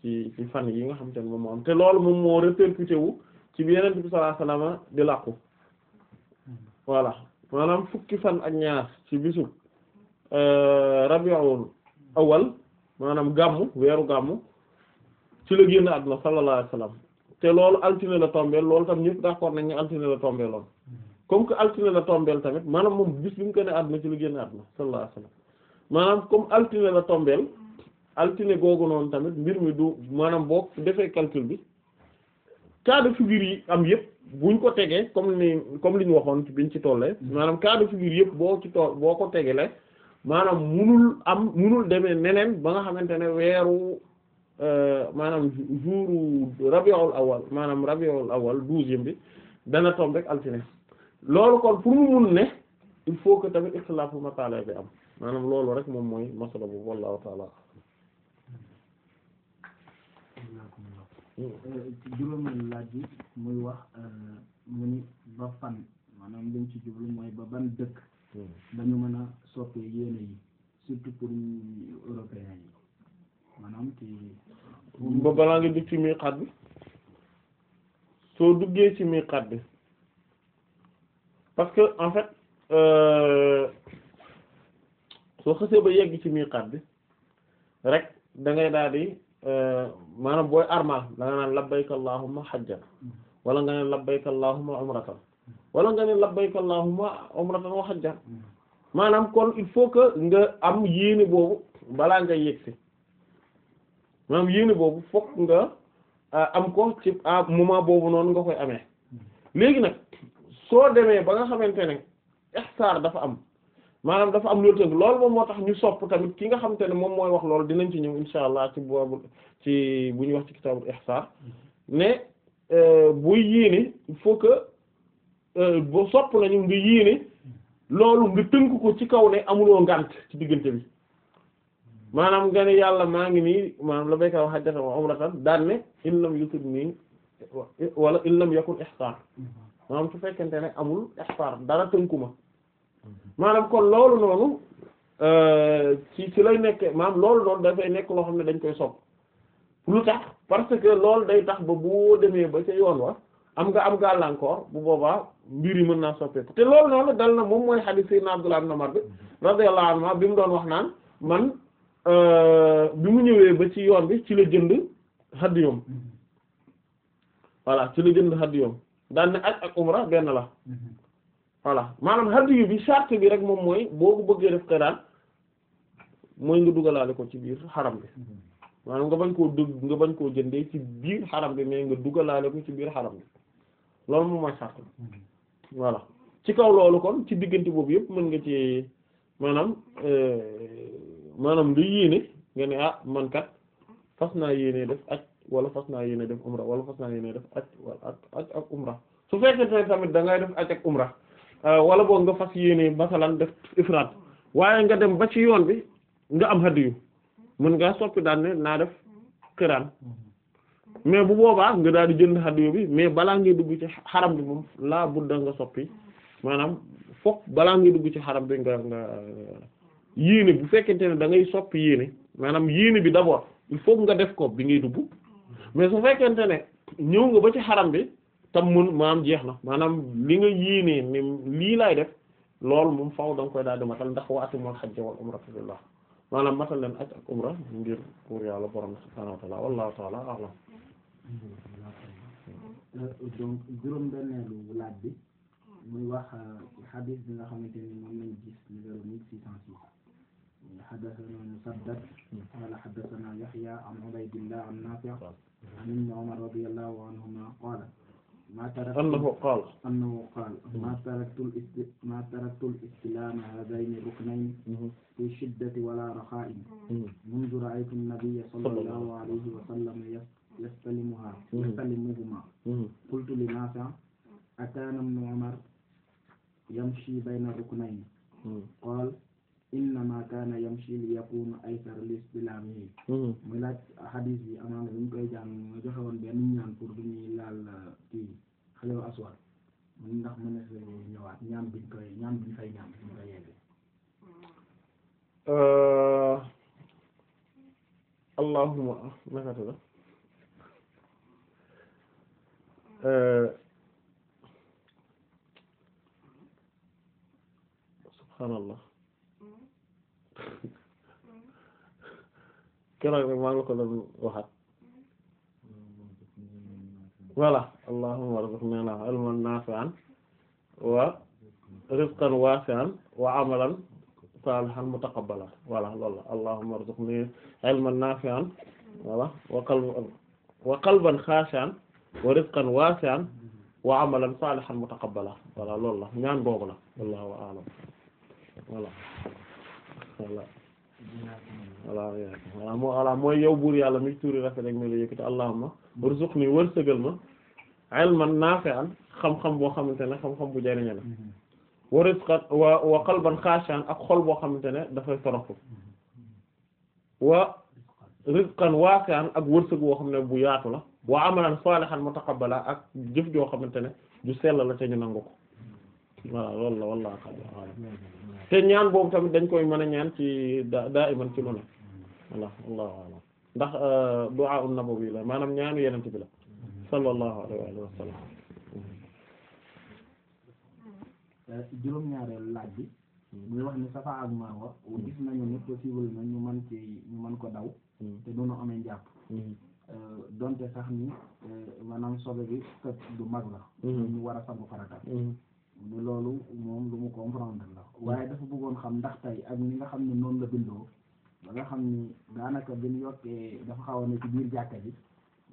ci ci fan yi nga xamante ne moom moo te loolu moom moo répercuté wu ci bi Yonent bi sallallahu alayhi di làqu voilà maanaam fukki fan ak ñaar ci bisu euh, rabiul awal maanaam gàmmu weeru gàmmu ci la génn àdduna sallallahu alayhi te loolu altine la tombeel loolu tam ñëpp d'accord nañ ne altine la tombeeloon comme que altine la tombeel tamit maanaam moom bis bi mu ko ne àdduna ci la génn àdduna sallallahu alayhi maanaam comme altine la tombeel altine googu noonu tamit mbir mi du maanaam boo defee calcul bi cas de figure yi am yëpp buñ ko tegee comme ni comme li ñu waxoon biñ ci tollee mm. maanaam cas de figure yëpp boo ci toll boo ko tegee tegelee maanaam munul am munul demee neneen ba nga xamante ne weeru euh, maanaam jouru rabiul awal maanaam rabiul awal douzième bi dana tombe rek altine loolu kon pour mu mun ne il faut que tamit ixtilaafu mataala bi am maanaam loolu rek moom mooy masala bu wallahu ci juróomeelu laaj bi muy wax euh, mu ni ba fan maanaam liñ ci jublu mooy ba ban dëkk dañu hmm. mën a soppee yéene yi surtout pour européens yi maanaam ci ba balaa nga dugg ci miiqaat bi soo duggee ci miiqaat bi parce que en fait euh, soo xësee ba yegg ci miiqaat bi rek dangay ngay maanaam booy armal da nga naan labbayka allahumma ja wala nga ne labbayka allahumma umratan wala nga ne labbayka allahumma umratan wa hajjan maanaam kon il faut que nga am yéene boobu balaa nga yegsi maanaam yéene boobu fokk nga am ko ci à moment boobu noonu nga koy amee léegi nag soo demee ba nga xamante ne ihsaar dafa am maanaam dafa am loolu tënk loolu moom moo tax ñu sopp tamit ki nga xamante ne moom mooy wax loolu dinañ ci ñëw insha allah ci boobu ci bu ñuy wax ci kitaabul ihsa ne euh, buy yéene il faut que euh, boo sopp nañu nga yéene loolu nga tënk ko ci kaw ne amuloo ngant ci diggante bi maanaam nga ne yàlla maa ngi nii maanaam la béykat wax hajjatan wa umratan daan ne in lam yusibni wala in lam yakun ihsar mm-hmm. maanaam su fekkente ne amul ihsar dara tënkuma maanaam kon loolu noonu euh, ci ci lay nekkee maanaam loolu noonu dafay nekk loo xam ne dañ koy sopp lu tax parce que loolu day tax ba boo demee ba ca yoon wa am nga am gàllankoor bu boobaa mbir yi mën naa soppeeku te loolu noonu dal na moom mooy xadiis Seydina Abdullah ibn Umar bi radiyallahu anhu bi mu doon wax naan man euh, bi mu ñëwee ba ci yoon bi ci la jënd hadiyum voilà ci la jënd hadiyum daan ne ak ak umra benn la mm-hmm. voilà maanaam hadiyu bi charte bi rek moom mooy boo ko bëggee def xiraan mooy nga dugalaale ko ci biir xaram bi maanaam nga bañ koo dugg nga bañ koo jëndee ci biir xaram bi mais nga dugalaale ko ci biir xaram bi loolu moom mooy charte voilà ci kaw loolu kon ci diggante boobu yëpp mën nga ci maanaam euh, maanaam nga yéene nga ne ah man kat fas naa yéene def ak wala fas naa yéene def umra wala fas naa yéene def ak wala ak umra su fekkee tamit da ngay def ak ak Euh, wala boog nga fas yéene masalan def ifraat waaye nga dem ba ci yoon bi nga am hadiyu mën ngaa soppi daal ne naa def xiraan mais bu boobaa nga daal di jënd hadiyu bi mais balaa ngay dugg ci xaram bi moom laa budda nga soppi maanaam fokk balaa ngay dugg ci xaram bi nga nga yéene bu fekkente ne da ngay soppi yéene maanaam yéene bi d'abord il faut nga def ko bi ngay dugg mais bu fekkente ne ñëw nga ba ci xaram bi tam mun maam jeex na maanaam li nga yéenee ni lii laay def loolu moom faaw da nga koy daal di matal ndax wa atimul hajja wal umrata lillah maanaam matal leen aj umra ngir pour yàlla borom subhaanahu wa ta'ala wallahu ta'ala a'lam donc juróom benneelu laaj muy wax xadis bi nga xamante ni moom lañ gis numéro mille six cent six حدثنا مسدد قال حدثنا يحيى عن عبيد الله عن نافع عن ابن عمر رضي الله عنهما قال annahu qaala annahu qaala maa taraktul maa taraktul istilaama haadayni ruknayni fii shiddati wala raxaa'in mundu ra'aytu nabiyya sallallahu alayhi wa sallam yastalimuhaa yastalimuhumaa qultu li naafi' ataanaa ibnu umar yamshii bayna ruknayni qaala innama kaana yamshi li yakunu aysar lis bilaamihi hmm. muy laaj hadis bi amaana bi ñu koy jàng nga joxe woon benn ñaan pour du ñuy laal kii xalew aswad mu ndax mën na si ñëwaat ñaan biñ koy ñaan biñ fay ñaan biñ koy yegg euh, allahumma nakata la euh, subhaanallah keroog rek maa ngi la ko doon waxaat voilà allahumma arzuqna ilman nafi'an wa rizqan wasi'an wa amalan salihan mutaqabbalan voilà loolu la allahumma arzuqni ilman nafi'an voilà wa qalban wa qalban khashi'an wa rizqan wasi'an wa amalan salihan mutaqabbalan voilà loolu la ñaan boobu la wallahu a'lam voilà walla walla mooy yow buur yàlla mi tuuri rafet rek ma la yëkkati allahumma warzuqni wërsëgal ma ilman nafi'an xam-xam boo xamante ne xam-xam bu jariñe la wa rizqan wa wa ak xol boo xamante ne dafay toroxu wa ak wërsëg woo xam ne bu yaatu la wa amalan salihan mutaqabbala ak jëf joo xamante ne ju sell la te ñu nangu ko voilà loolu la wallaahu a'lam te ñaan boobu tamit dañ koy mën a ñaan ci daa daa iman ci lu ne voilà wallaahu a'lam ndax euh, du'a an-nabawi la maanaam ñaanu yeneen bi la sallallahu alayhi wa euh, juróom-ñaareelu laaj bi. muy wax ni safa ak marwa hmm. gis nañu ne possible na ñu mën ci ñu mën ko daw. Hmm. te doona amee njàpp. Hmm. Euh, donte sax ni maanaam sobe bi du mag la. ñu war a sangu farata. ne loolu moom lu mu comprendre la waaye dafa bëggoon xam ndax tey ak ni nga xam ne noonu la bindoo ba nga xam ni daanaka bi nu yokkee dafa xaw ci biir jàkka ji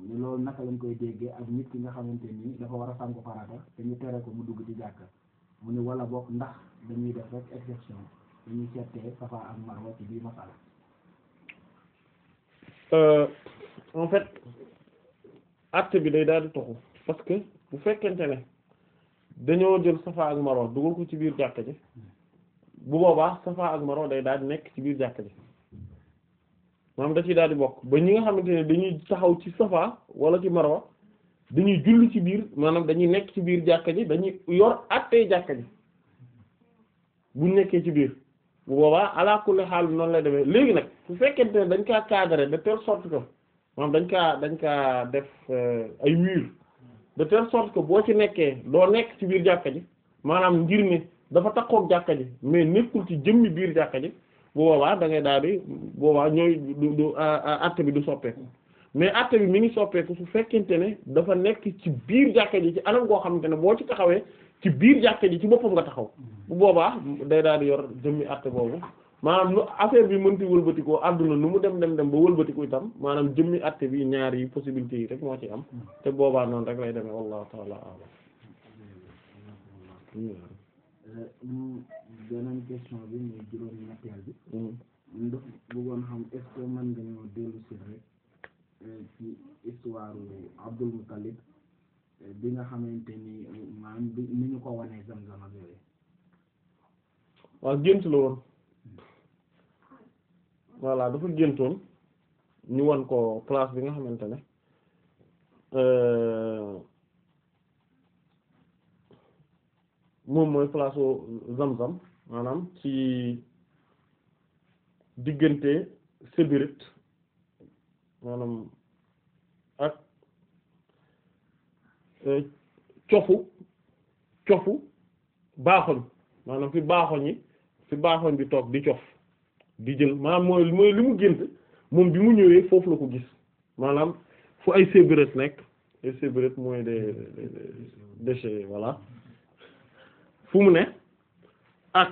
ni loolu naka lañ koy déggee ak nit ki nga xamante ni dafa war a sangu farata te ñu tere ko mu dugg ci jàkka mu ne wala bokk ndax dañuy def rek exception dañuy seetee safa ak marwa ci biir masala euh, en fait acte bi day daal di toxu parce que bu fekkente ne dañoo jël safa ak marwa dugal ko ci biir jàkka ji bu boobaa safa ak marwa day daal di nekk ci biir jàkka ji maanaam da ciy daal di bokk ba ñi nga xamante ne dañuy taxaw ci safa wala ci marwa dañuy julli ci biir maanaam dañuy nekk ci biir jàkka ji dañuy yor attey jàkka ji bu nekkee ci biir bu boobaa ala kulli noonu lay demee léegi nag su fekkee ne dañ kaa cadré de telle sorte que maanaam dañ kaa dañ kaa def euh, ay mur de telle sorte que boo ci nekkee doo nekk ci biir jàkka ji maanaam ngir ne dafa takkoog jàkka ji mais nekkul ci jëmmi biir jàkka ji bu boobaa dangay ngay daal di boobaa ñooy du du àtte bi du soppeeku mais àtte bi mi ngi soppeeku su fekkente ne dafa nekk ci biir jàkka ji ci anam goo xamante ne boo ci taxawee ci biir jàkka ji ci boppam nga taxaw bu boobaa day daal di yor jëmmi àtte boobu maanaam nu affaire bi mënti wëlbatikoo àdduna nu mu dem dem dem ba wëlbatiku itam maanaam jëmmi àtte bi ñaar yi possibilité yi rek moo ci am hmm. te boobaa noonu rek lay demee wallahu ta'ala a'lam hmm. beneen question bi bi hmm. ndax xam est-ce que mën nga ñoo dellu si eh, histoire Abdul Muttalib eh, bi nga xamante ni maanaam bi ni ñu ko wanee Zamzam ak yooyu waaw gént la woon voilà dafa géntoon ñu wan ko place bi nga xamante ne euh, moom mooy place Zamzam maanaam ci diggante Sébirit maanaam ak euh, cofu cofu baaxoñ maanaam fi baaxoñ yi fi baaxoñ bi toog di cof di jël maanaam mooy mooy li mu gént moom bi mu ñëwee foofu la ko gis maanaam fu ay sébérét nekk ay sébérét mooy des déchets voilà fu mu ne ak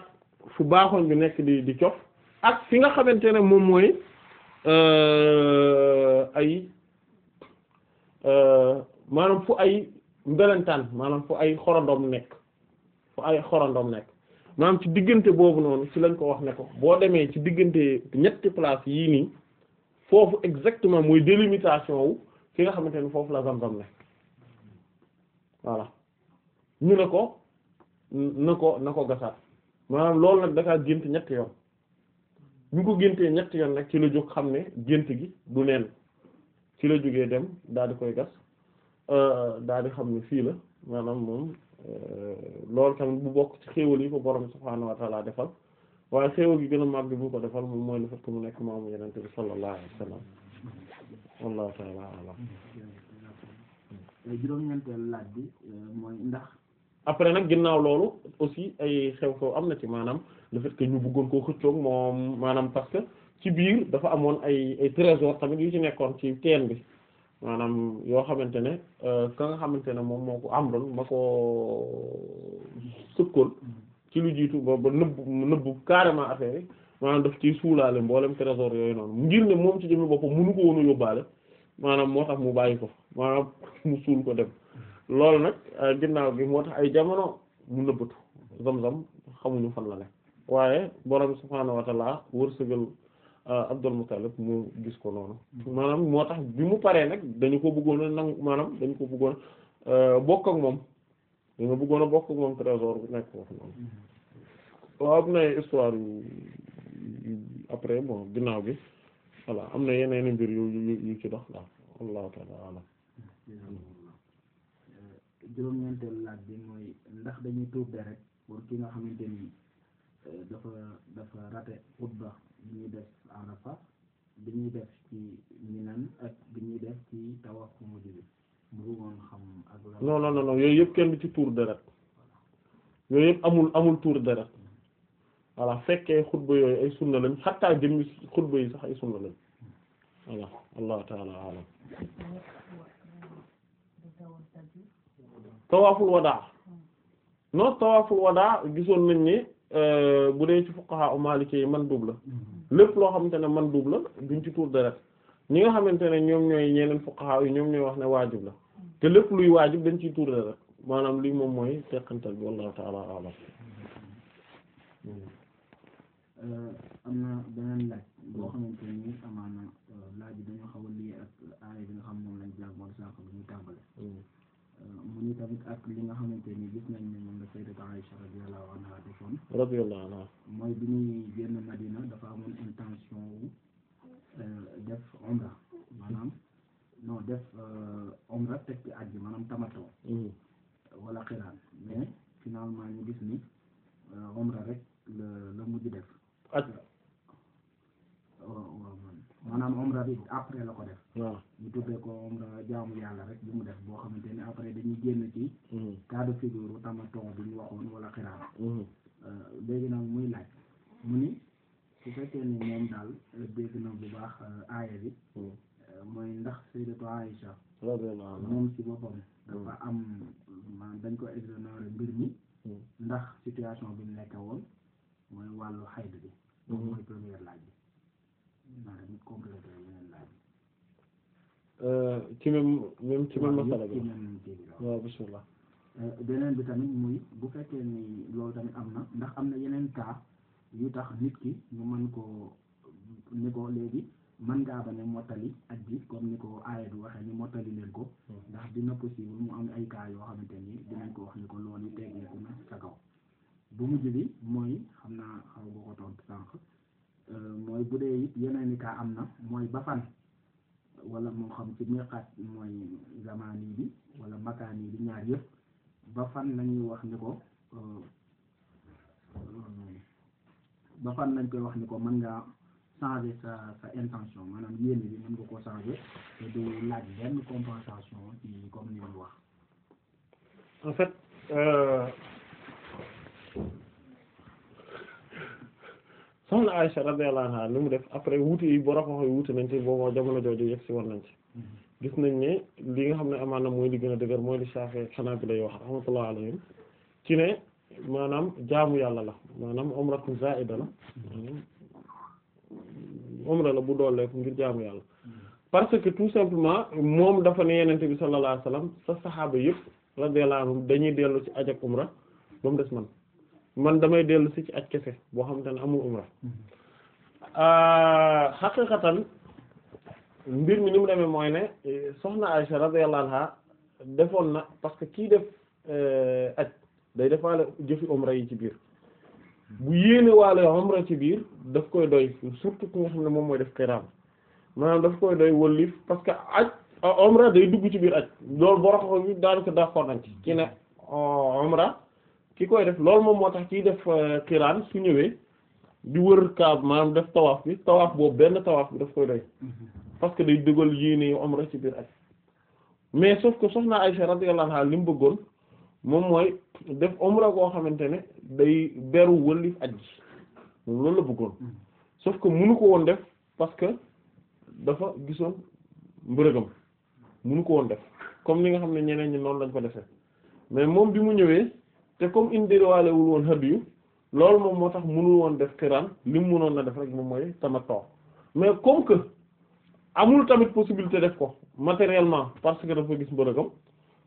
fu baaxoon bi nekk di di cof ak fi nga xamante ne moom mooy euh, ay euh, maanaam fu ay mbelentaan maanaam fu ay xorondom nekk fu ay xorondom nekk maanaam ci diggante boobu noonu ci lañ ko wax ne ko boo demee ci diggante ñetti place yii nii foofu exactement muy délimitation wu fi nga xamante ni foofu la Zamzam ne voilà ñu ne ko na ko na ko gasaat maanaam loolu nag dakaa gént ñetti yoon ñu ko géntee ñetti yoon nag ci la jóg xam ne gént gi du neen ci la jógee dem daal di koy gas euh, daal di xam ne fii la maanaam moom Euh, loolu tamit bu bokk ci xéewal yi ko borom subhaanahu wa ta'ala defal waaye xéewal gi gën a màgg bu ko defal moom mooy le fait mu nekk moom Yonent bi sallallahu alayhi wa sallam wallahu ta'ala a'lam juróom laaj bi euh, après nag ginnaaw loolu aussi ay xew-xew am na ci maanaam le fait que ñu buggoon koo xëccoog moom maanaam parce que ci biir dafa amoon ay ay trésor tamit yu ci nekkoon ci teen bi. maanaam yoo xamante ne euh, ka nga xamante ne moom moo ko am amron ma ko sëkkoon mm-hmm. ci lu jiitu ba ba nëbb nëbb carrément affaire maanaam daf ci suulaale mboolem trésor yooyu noonu ngir ne moom ci jëmmi boppam mënu ko woon a yóbbaale maanaam moo tax mu bàyyi ko maanaam (laughs) mu suul ko dem mm-hmm. loolu nag euh, ginnaaw gi moo tax ay jamono mu nëbbatu zam-zam xamuñu fan la ne waaye borom subhaanahu wa ta'ala wërsëgal Euh, Abdul Muttalib mu gis ko noonu mm. maanaam moo tax bi mu paree nag dañu ko bëggoon a nangu maanaam dañu ko bëggoon a euh, bokk ak moom dañu bëggoon a bokk ak moom trésor bi nekk foofu noonu mm-hmm. waaw am na histoire yu après ginnaaw bi voilà am na yeneen mbir yu yu yu ci dox daal wallahu ta'ala a'lam euh, juróom-ñeenteelu laaj bi mooy ndax dañuy tuub rek pour ki nga xamante ni dafa dafa raté xutba bi ñuy def ñuy def yooyu yëpp kenn du ci tuur deret yooyu yëpp amul amul tuur deret voilà fekkee xutba yooyu ay sunna lañ xattaa jëmmi xutba yi sax ay sunna lañ voilà allah taala alam tawaaful wadaa non tawaaful wadaa gisoon nañ ni euh, bu dee ci fuqaha o maliki yi man dub la mm-hmm. lépp loo xamante ne duub la duñ ci tuur dara ñi nga xamante ne ñoom ñooy ñeneen fuqaha yi ñoom ñooy wax ne waajib la te lépp luy waajib dañ ciy tuur deret maanaam lii moom mooy teqantal bi wallahu ta'ala a'lam euh, na beneen laaj boo xamante euh, laaj bi dañoo xaw a lii nga xam moom lañ jàng moom sànq bi ñu tàmbale hmm. mu ni ak li nga xamante ni gis nañ ne moom la sayyidat Aïcha radiyallahu anha defoon radiyallahu anha mooy bi ñuy génn Madina dafa amoon intention wu euh, def umra maanaam non def euh, umra teg ci aj bi maanaam tamatoo mm-hmm. wala mais finalement ñu gis ni euh, umra rek la la mujj def aj maanaam omra bi après la ko def. mu ñu ko omra jaamu yàlla rek bi mu def boo xamante ni après dañuy génn ci. Mm-hmm. cas de figure bi ñu waxoon wala xiraat. Mm-hmm. Euh, léegi nag muy laaj mu ni su fekkee ni moom daal euh, dégg na bu baax euh, aaya bi. Mm-hmm. mooy ndax Sayyidatu Aïcha. moom si boppam. dafa am maanaam dañ ko exonéré mbir mi. ndax situation bi mu nekkee woon mooy wàllu xayd bi. moom mooy première laaj bi. ci même même ci même masala bi beneen bi tamit muy bu fekkee ni loolu tamit am na ndax am na yeneen cas yu tax nit ki ñu mën ko ni ko léegi man ngaa bañ mottali ak ji comme ni ko aaya bi waxee ni mottali leen ko hmm. ndax dina possible mu am ay kaa yoo xamante ni dinañ ko wax ni ko loolu teggeeku na sa kaw bu mujj bi mooy xam naa xaw nga ko tontu sànq Euh, mooy bu dee yeneen i kaa am na mooy ba fan wala moo xam ci miqaat mooy zamaani bi wala makaani bi ñaar yëpp ba fan wax ni ko euh, euh, ba nañ lañ koy wax ni ko mën nga changer sa sa intention maanaam yéene bi mën nga koo changer te du laaj benn compensation ci comme ni ñu wax en fait soxna Aysa radiyallahu anha ni mu def après wuti yi borom xam-xam wuute nañ ci boobu jamono jooju yegg si woon nañ ci mm-hmm. gis nañ ne li nga xam ne amaana mooy li gën a dëgër mooy li Saafi bi lay wax rahmatullahi alayhim ci ne maanaam jaamu yàlla la maanaam umratun zaa'ida la umra la bu dooleef ngir jaamu yàlla mm-hmm. parce que tout simplement moom dafa ne Yonent bi sallallahu alayhi wasallam sa saxaaba yëpp radiyallahu anhum dañuy dellu ci aj ak umra ba mu des man. man damay dellusi ci aj kese boo xamante ne amul umra xaqiqatan euh, mbir mi ni mu demee mooy ne soxna Aisha radiyallahu anha defoon na parce que kii def euh, aj day defaale jëfi umra yi ci biir bu yéene waale umra ci biir daf koy doy surtout ki nga xam ne moom mooy def xiraam maanaam daf koy doy wëllif parce que aj umra day dugg ci biir aj loolu boroxo bi daanaka d'accord nañ ci ki ne oh, umra ki koy def loolu moom moo tax kiy def euh, xiraan su ñëwee di wër kaab maanaam def tawaaf bi tawaaf boobu benn tawaaf bi daf koy doy mm-hmm. parce que day yii yéene yu umra ci biir aj mais sof sauf que a Aysa radiyallahu anha li mu bëggoon moom mooy def umra koo xamante ne day beru wëlif aj ji moom loolu la bëggoon mm-hmm. sauf que munu ko woon def parce que dafa gisoon mbërëgam munu ko woon def comme li nga xam ne ñeneen ñi noonu lañ ko defee mais moom bi mu ñëwee te comme indiwaale wul woon hadiyu loolu moom moo tax mënul woon def këraan li mu mënoon na def rek moom mooy tamattu mais comme que amul tamit possibilité def ko matériellement parce que dafa gis mbërëgam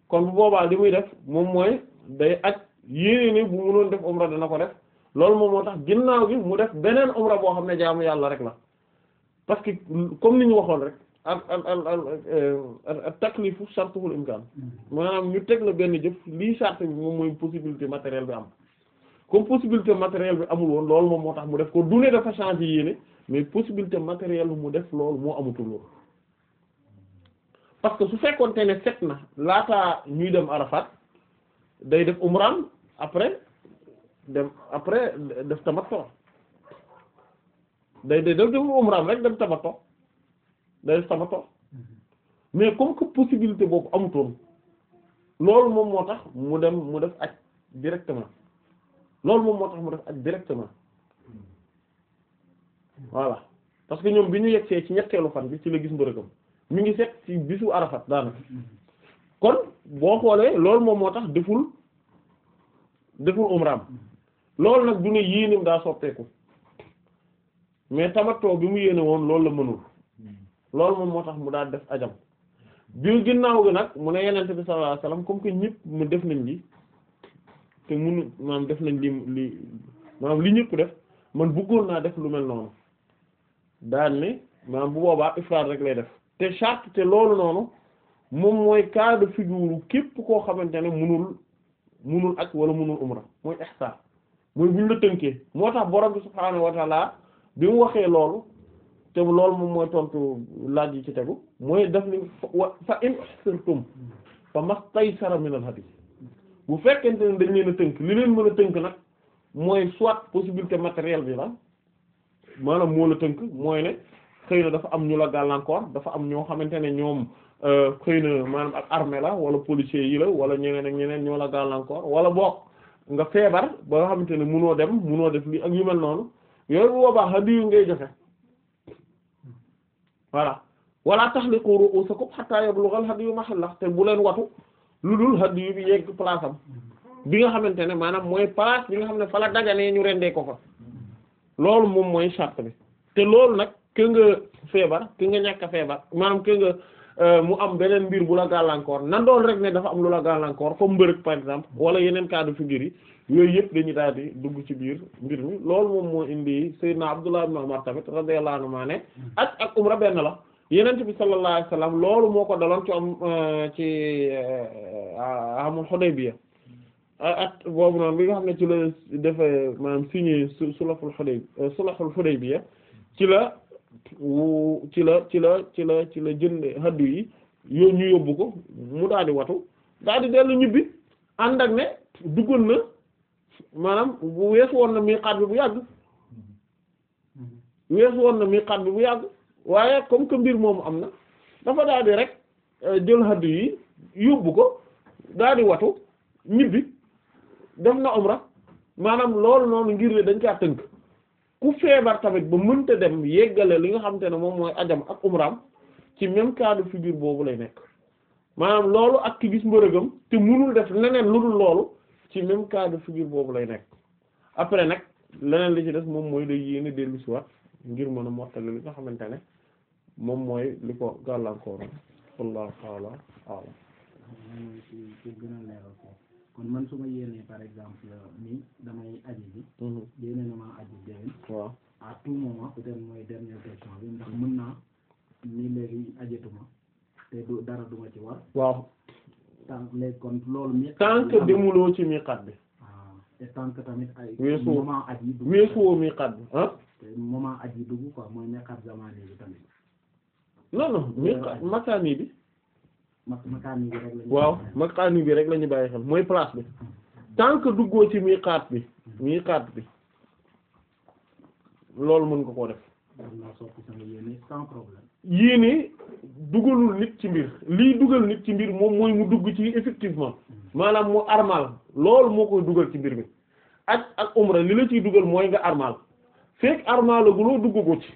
kon bu boobaa li muy def moom mooy day ak yéene bu mënoon def umra dana ko def loolu moom moo tax ginnaaw gi mu def beneen umra boo xam ne jaamu yàlla rek la parce que comme ni ñu waxoon rek al al al al euh, taklifu shartuhul imkaan mm. maanaam ñu teg la benn jëf lii charte bi moom mooy possibilité matérielle bi am comme possibilité matérielle bi amul woon loolu moom moo tax mu def ko du ne dafa changer yéene mais possibilité matérielle bi mu def loolu moo amatul woon parce que su fekkoon fekkoonte ne set na laataa ñuy dem Arafat day def umran après dem après def tamattu day day def umran rek dem tamattu day sabato mm-hmm. mais comme que possibilité boobu amutoon loolu moom moo tax mu dem mu def ak directement loolu moom moo tax mu def ak directement mm-hmm. voilà parce que ñoom bi ñu yegsee ci ñetteelu fan bi ci la gis mbërëkam mu ngi set ci bisu arafat daanaka mm-hmm. kon boo xoolee loolu moom moo tax deful deful umraam loolu nag du ne yéeneem daa soppeeku mais tamatoo bi mu yéene woon loolu la mënul loolu moom moo tax mu daal def ajam bi ginnaaw gi nag mu ne yenente bi sallallahu alayhi wasallam comme que ñëpp mu def nañ li te munu maanaam def nañ li li maanaam li ñëpp def man bëggoon naa def lu mel noonu daan ne maanaam bu boobaa ifraad rek lay def te charte te loolu noonu moom mooy cas de képp koo xamante ne munul munul ak wala munul umra mooy ihsan mooy buñ la tënkee moo tax borom bi subhaanahu wa ta'ala bi mu waxee loolu te loolu moom mooy tontu laaj yi ci tegu mooy def ni fa in ihsantum fa mastaysara min al hadith bu fekkente ne dañ leen tënk li leen mën a tënk nag mooy soit possibilité matérielle bi la maanaam moo la tënk mooy ne xëy na dafa am ñu la gàllankoor dafa am ñoo xamante ne ñoom euh, xëy na maanaam ak armée la wala policier yi la wala ñeneen ak ñeneen ñoo la gàllankoor wala boog nga feebar ba nga xamante ne munoo dem munoo def lii ak yu mel noonu yooyu bu boobaa hadiyu voilà wala tahliqu ru'usakum hatta yablugha yu hadyu mahallah te bu leen watu lu dul hadyu bi yegg place am bi nga xamante ne maanaam mooy place bi nga xam ne fa la daganee ñu rendee ko fa loolu moom mooy charte bi te loolu nag ke nga feebar ke nga ñàkk a feebar maanaam ke nga euh, mu am beneen mbir bu la gàllankoor nan doon rek ne dafa am lu la gàllankoor comme mbërëg par exemple wala yeneen cas de figure yi yooyu yëpp dañuy daal di dugg ci biir mbir mi loolu moom moo indi Seydina Abdullah ibn Umar tamit radiyallahu anhu ma ne ak ak umra benn la yenent bi sallallahu alayhi wasallam loolu moo ko daloon ci am ci euh, amul Hudaybiya at boobu noonu bi nga xam ne ci la dafa maanaam signé sulhul Hudaybiya euh, sulhul Hudaybiya ci la ci la ci la ci la ci la jënd haddu yi yo ñu yóbbu ko mu daal di watu daal di dellu ñibbi ànd ak ne duggoon na maanaam bu weesu woon na miiqaat bi bu yàgg mm-hmm. weesu woon na miiqaat bi bu yàgg waaye comme que mbir moomu am na dafa daal rek euh, jël haddu yi yóbbu ko daal di watu ñibbi def na umra maanaam loolu noonu ngir ne dañ caa tënk ku feebar tamit ba mënta dem yeggale li nga xamante ne moom mooy ajam ak umraam ci même cas de figure boobu lay nekk maanaam loolu ak ki gis mbërëgam te munul def leneen lu dul loolu ci même cas de boobu lay nekk après nag leneen li ci des moom mooy day yéene dellu si waat ngir mën a mottali li nga xamante ne moom mooy li ko gàllankoor wallahu ta'ala a'lam kon man su ma par exemple ni damay aji bi mm-hmm. yéene na maa aji déwén waaw à tout moment peut-être mooy dernière question bi ndax naa ni léegi ajetuma te du dara duma ci war waaw tant léegi kon loolu mi. tant que demuloo ci miqaat bi. Ah, te tant que tamit ay. weesu bi ah. non non euh, miqaat makaani bi. bi waaw makaani bi rek lañu ñu bàyyi xel mooy place bi tant que duggoo ci miqaat bi miqaat bi loolu mën nga koo def. mën naa soppi sama yéene yii nii dugalul nit ci mbir lii dugal nit ci mbir moom mooy mu dugg ci effectivement maanaam mu armal lool moo koy dugal ci mbir mi ak ak umra li la ciy dugal mooy nga armal fekk armalaguloo dugg ko ci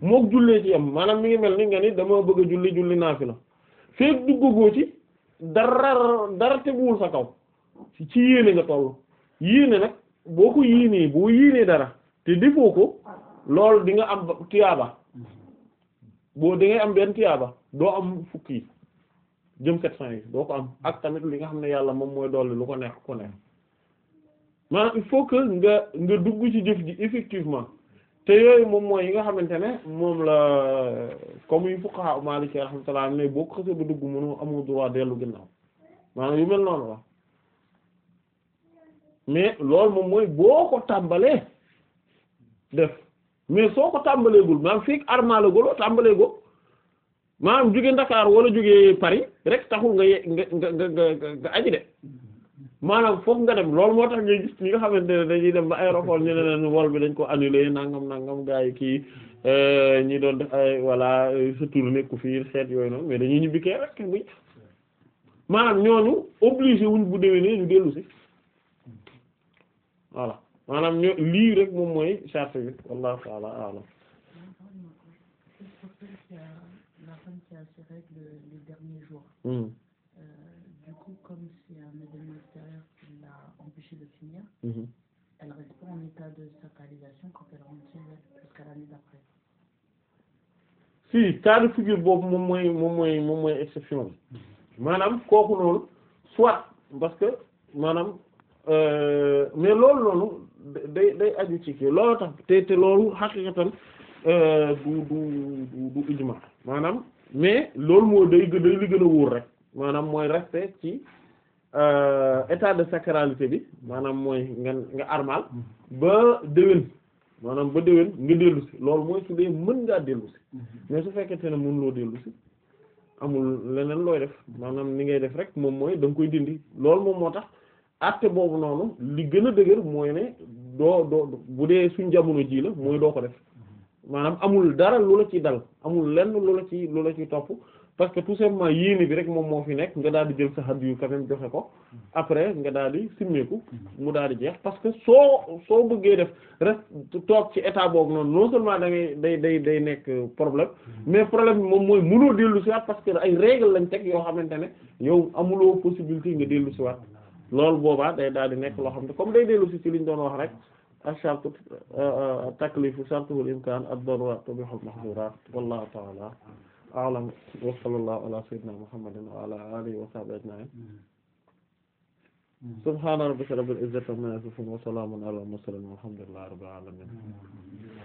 mook jullee ci yam maanaam mi ngi mel ni nga ni dama bëgg a julli julli la fekk duggagoo ci dara dara teguwul sa kaw ci yéene nga toll yéene nag boo ko yéenee boo yéenee dara te defoo ko loolu di nga am tuyaaba boo da am benn tiyaaba doo am fukki jëm sept cent yi doo ko am ak tamit li nga xam ne yàlla moom mooy dolli lu ko neex ku neex maanaam il faut que nga nga dugg ci jëf ji effectivement te yooyu moom mooy yi nga xamante ne moom la comme yu fuqaha maliki rahmatullah ne boo ko xasee ba dugg mënoo amoo droit dellu gën ginnaaw maanaam yu mel noonu la mais loolu moom mooy boo ko tàmbalee def mais soo ko tàmbaleegul maanaam fii armala goloo tàmbaleegoo maanaam jóge Dakar wala jóge Paris rek taxul nga ye nga nga nga nga de maanaam foofu nga dem loolu moo tax ngay gis ñi nga xamante ne dañuy dem ba aéroport ñu ne leen vol bi dañ ko annulé nangam nangam gaa yi kii euh, ñi doon def ay voilà sa tournée ku fi xeet yooyu noonu mais dañuy ñibbi kee rek buy maanaam ñooñu obligé wuñ bu déwénee ñu dellu si voilà maanaam ño lii rek moom mooy charte bi wallahu ta'ala a'lam Mmh. Euh, du coup, comme c'est en état de sacralisation quand elle rentre chez elle jusqu'à l'année si cas de figure boobu moom mooy moom mooy moom mooy exception bi maanaam kooku noonu soit parce que maanaam euh, mais day day aju ci kii loolu tax te te loolu xaqiqatan euh, du du du du maanaam mais loolu moo day gën a wóor rek maanaam mooy rester ci euh, état de sacralité bi maanaam mooy nga nga armal ba déwén maanaam ba déwén nga dellu si loolu mooy su dee mën ngaa dellu mais su fekkente ne mën loo dellu si amul leneen looy def maanaam ni ngay def rek moom mooy danga koy dindi loolu moom moo tax atte boobu noonu li gën a dëgër mooy ne doo doo bu dee suñ jamono jii la mooy doo ko def maanaam amul dara lu la ci dal amul lenn lu la ci lu la ci topp parce que tout simplement yéene bi rek moom moo fi nekk nga daal di jël sa hadiyu quand même joxe ko après nga daal di simmeeku mu daal di jeex parce que soo soo bëggee def rek toog ci état boobu noonu non seulement da ngay day day day nekk problème mais problème bi moom mooy mënoo dellu si siwaat parce que ay règle lañ teg yoo xamante ne yow amuloo possibilité nga dellu siwaat loolu boobaa day daal di nekk loo xam ne comme day dellu si ci liñ doon wax rek ak shartu taklifu shartuhul imkaan ad-darura tubihul mahdurat wallahu ta'ala a'lam wa sallallahu ala sayyidina muhammadin wa ala alihi wa sahbihi ajma'in subhana rabbika rabbil izzati amma yasifun wa salamun al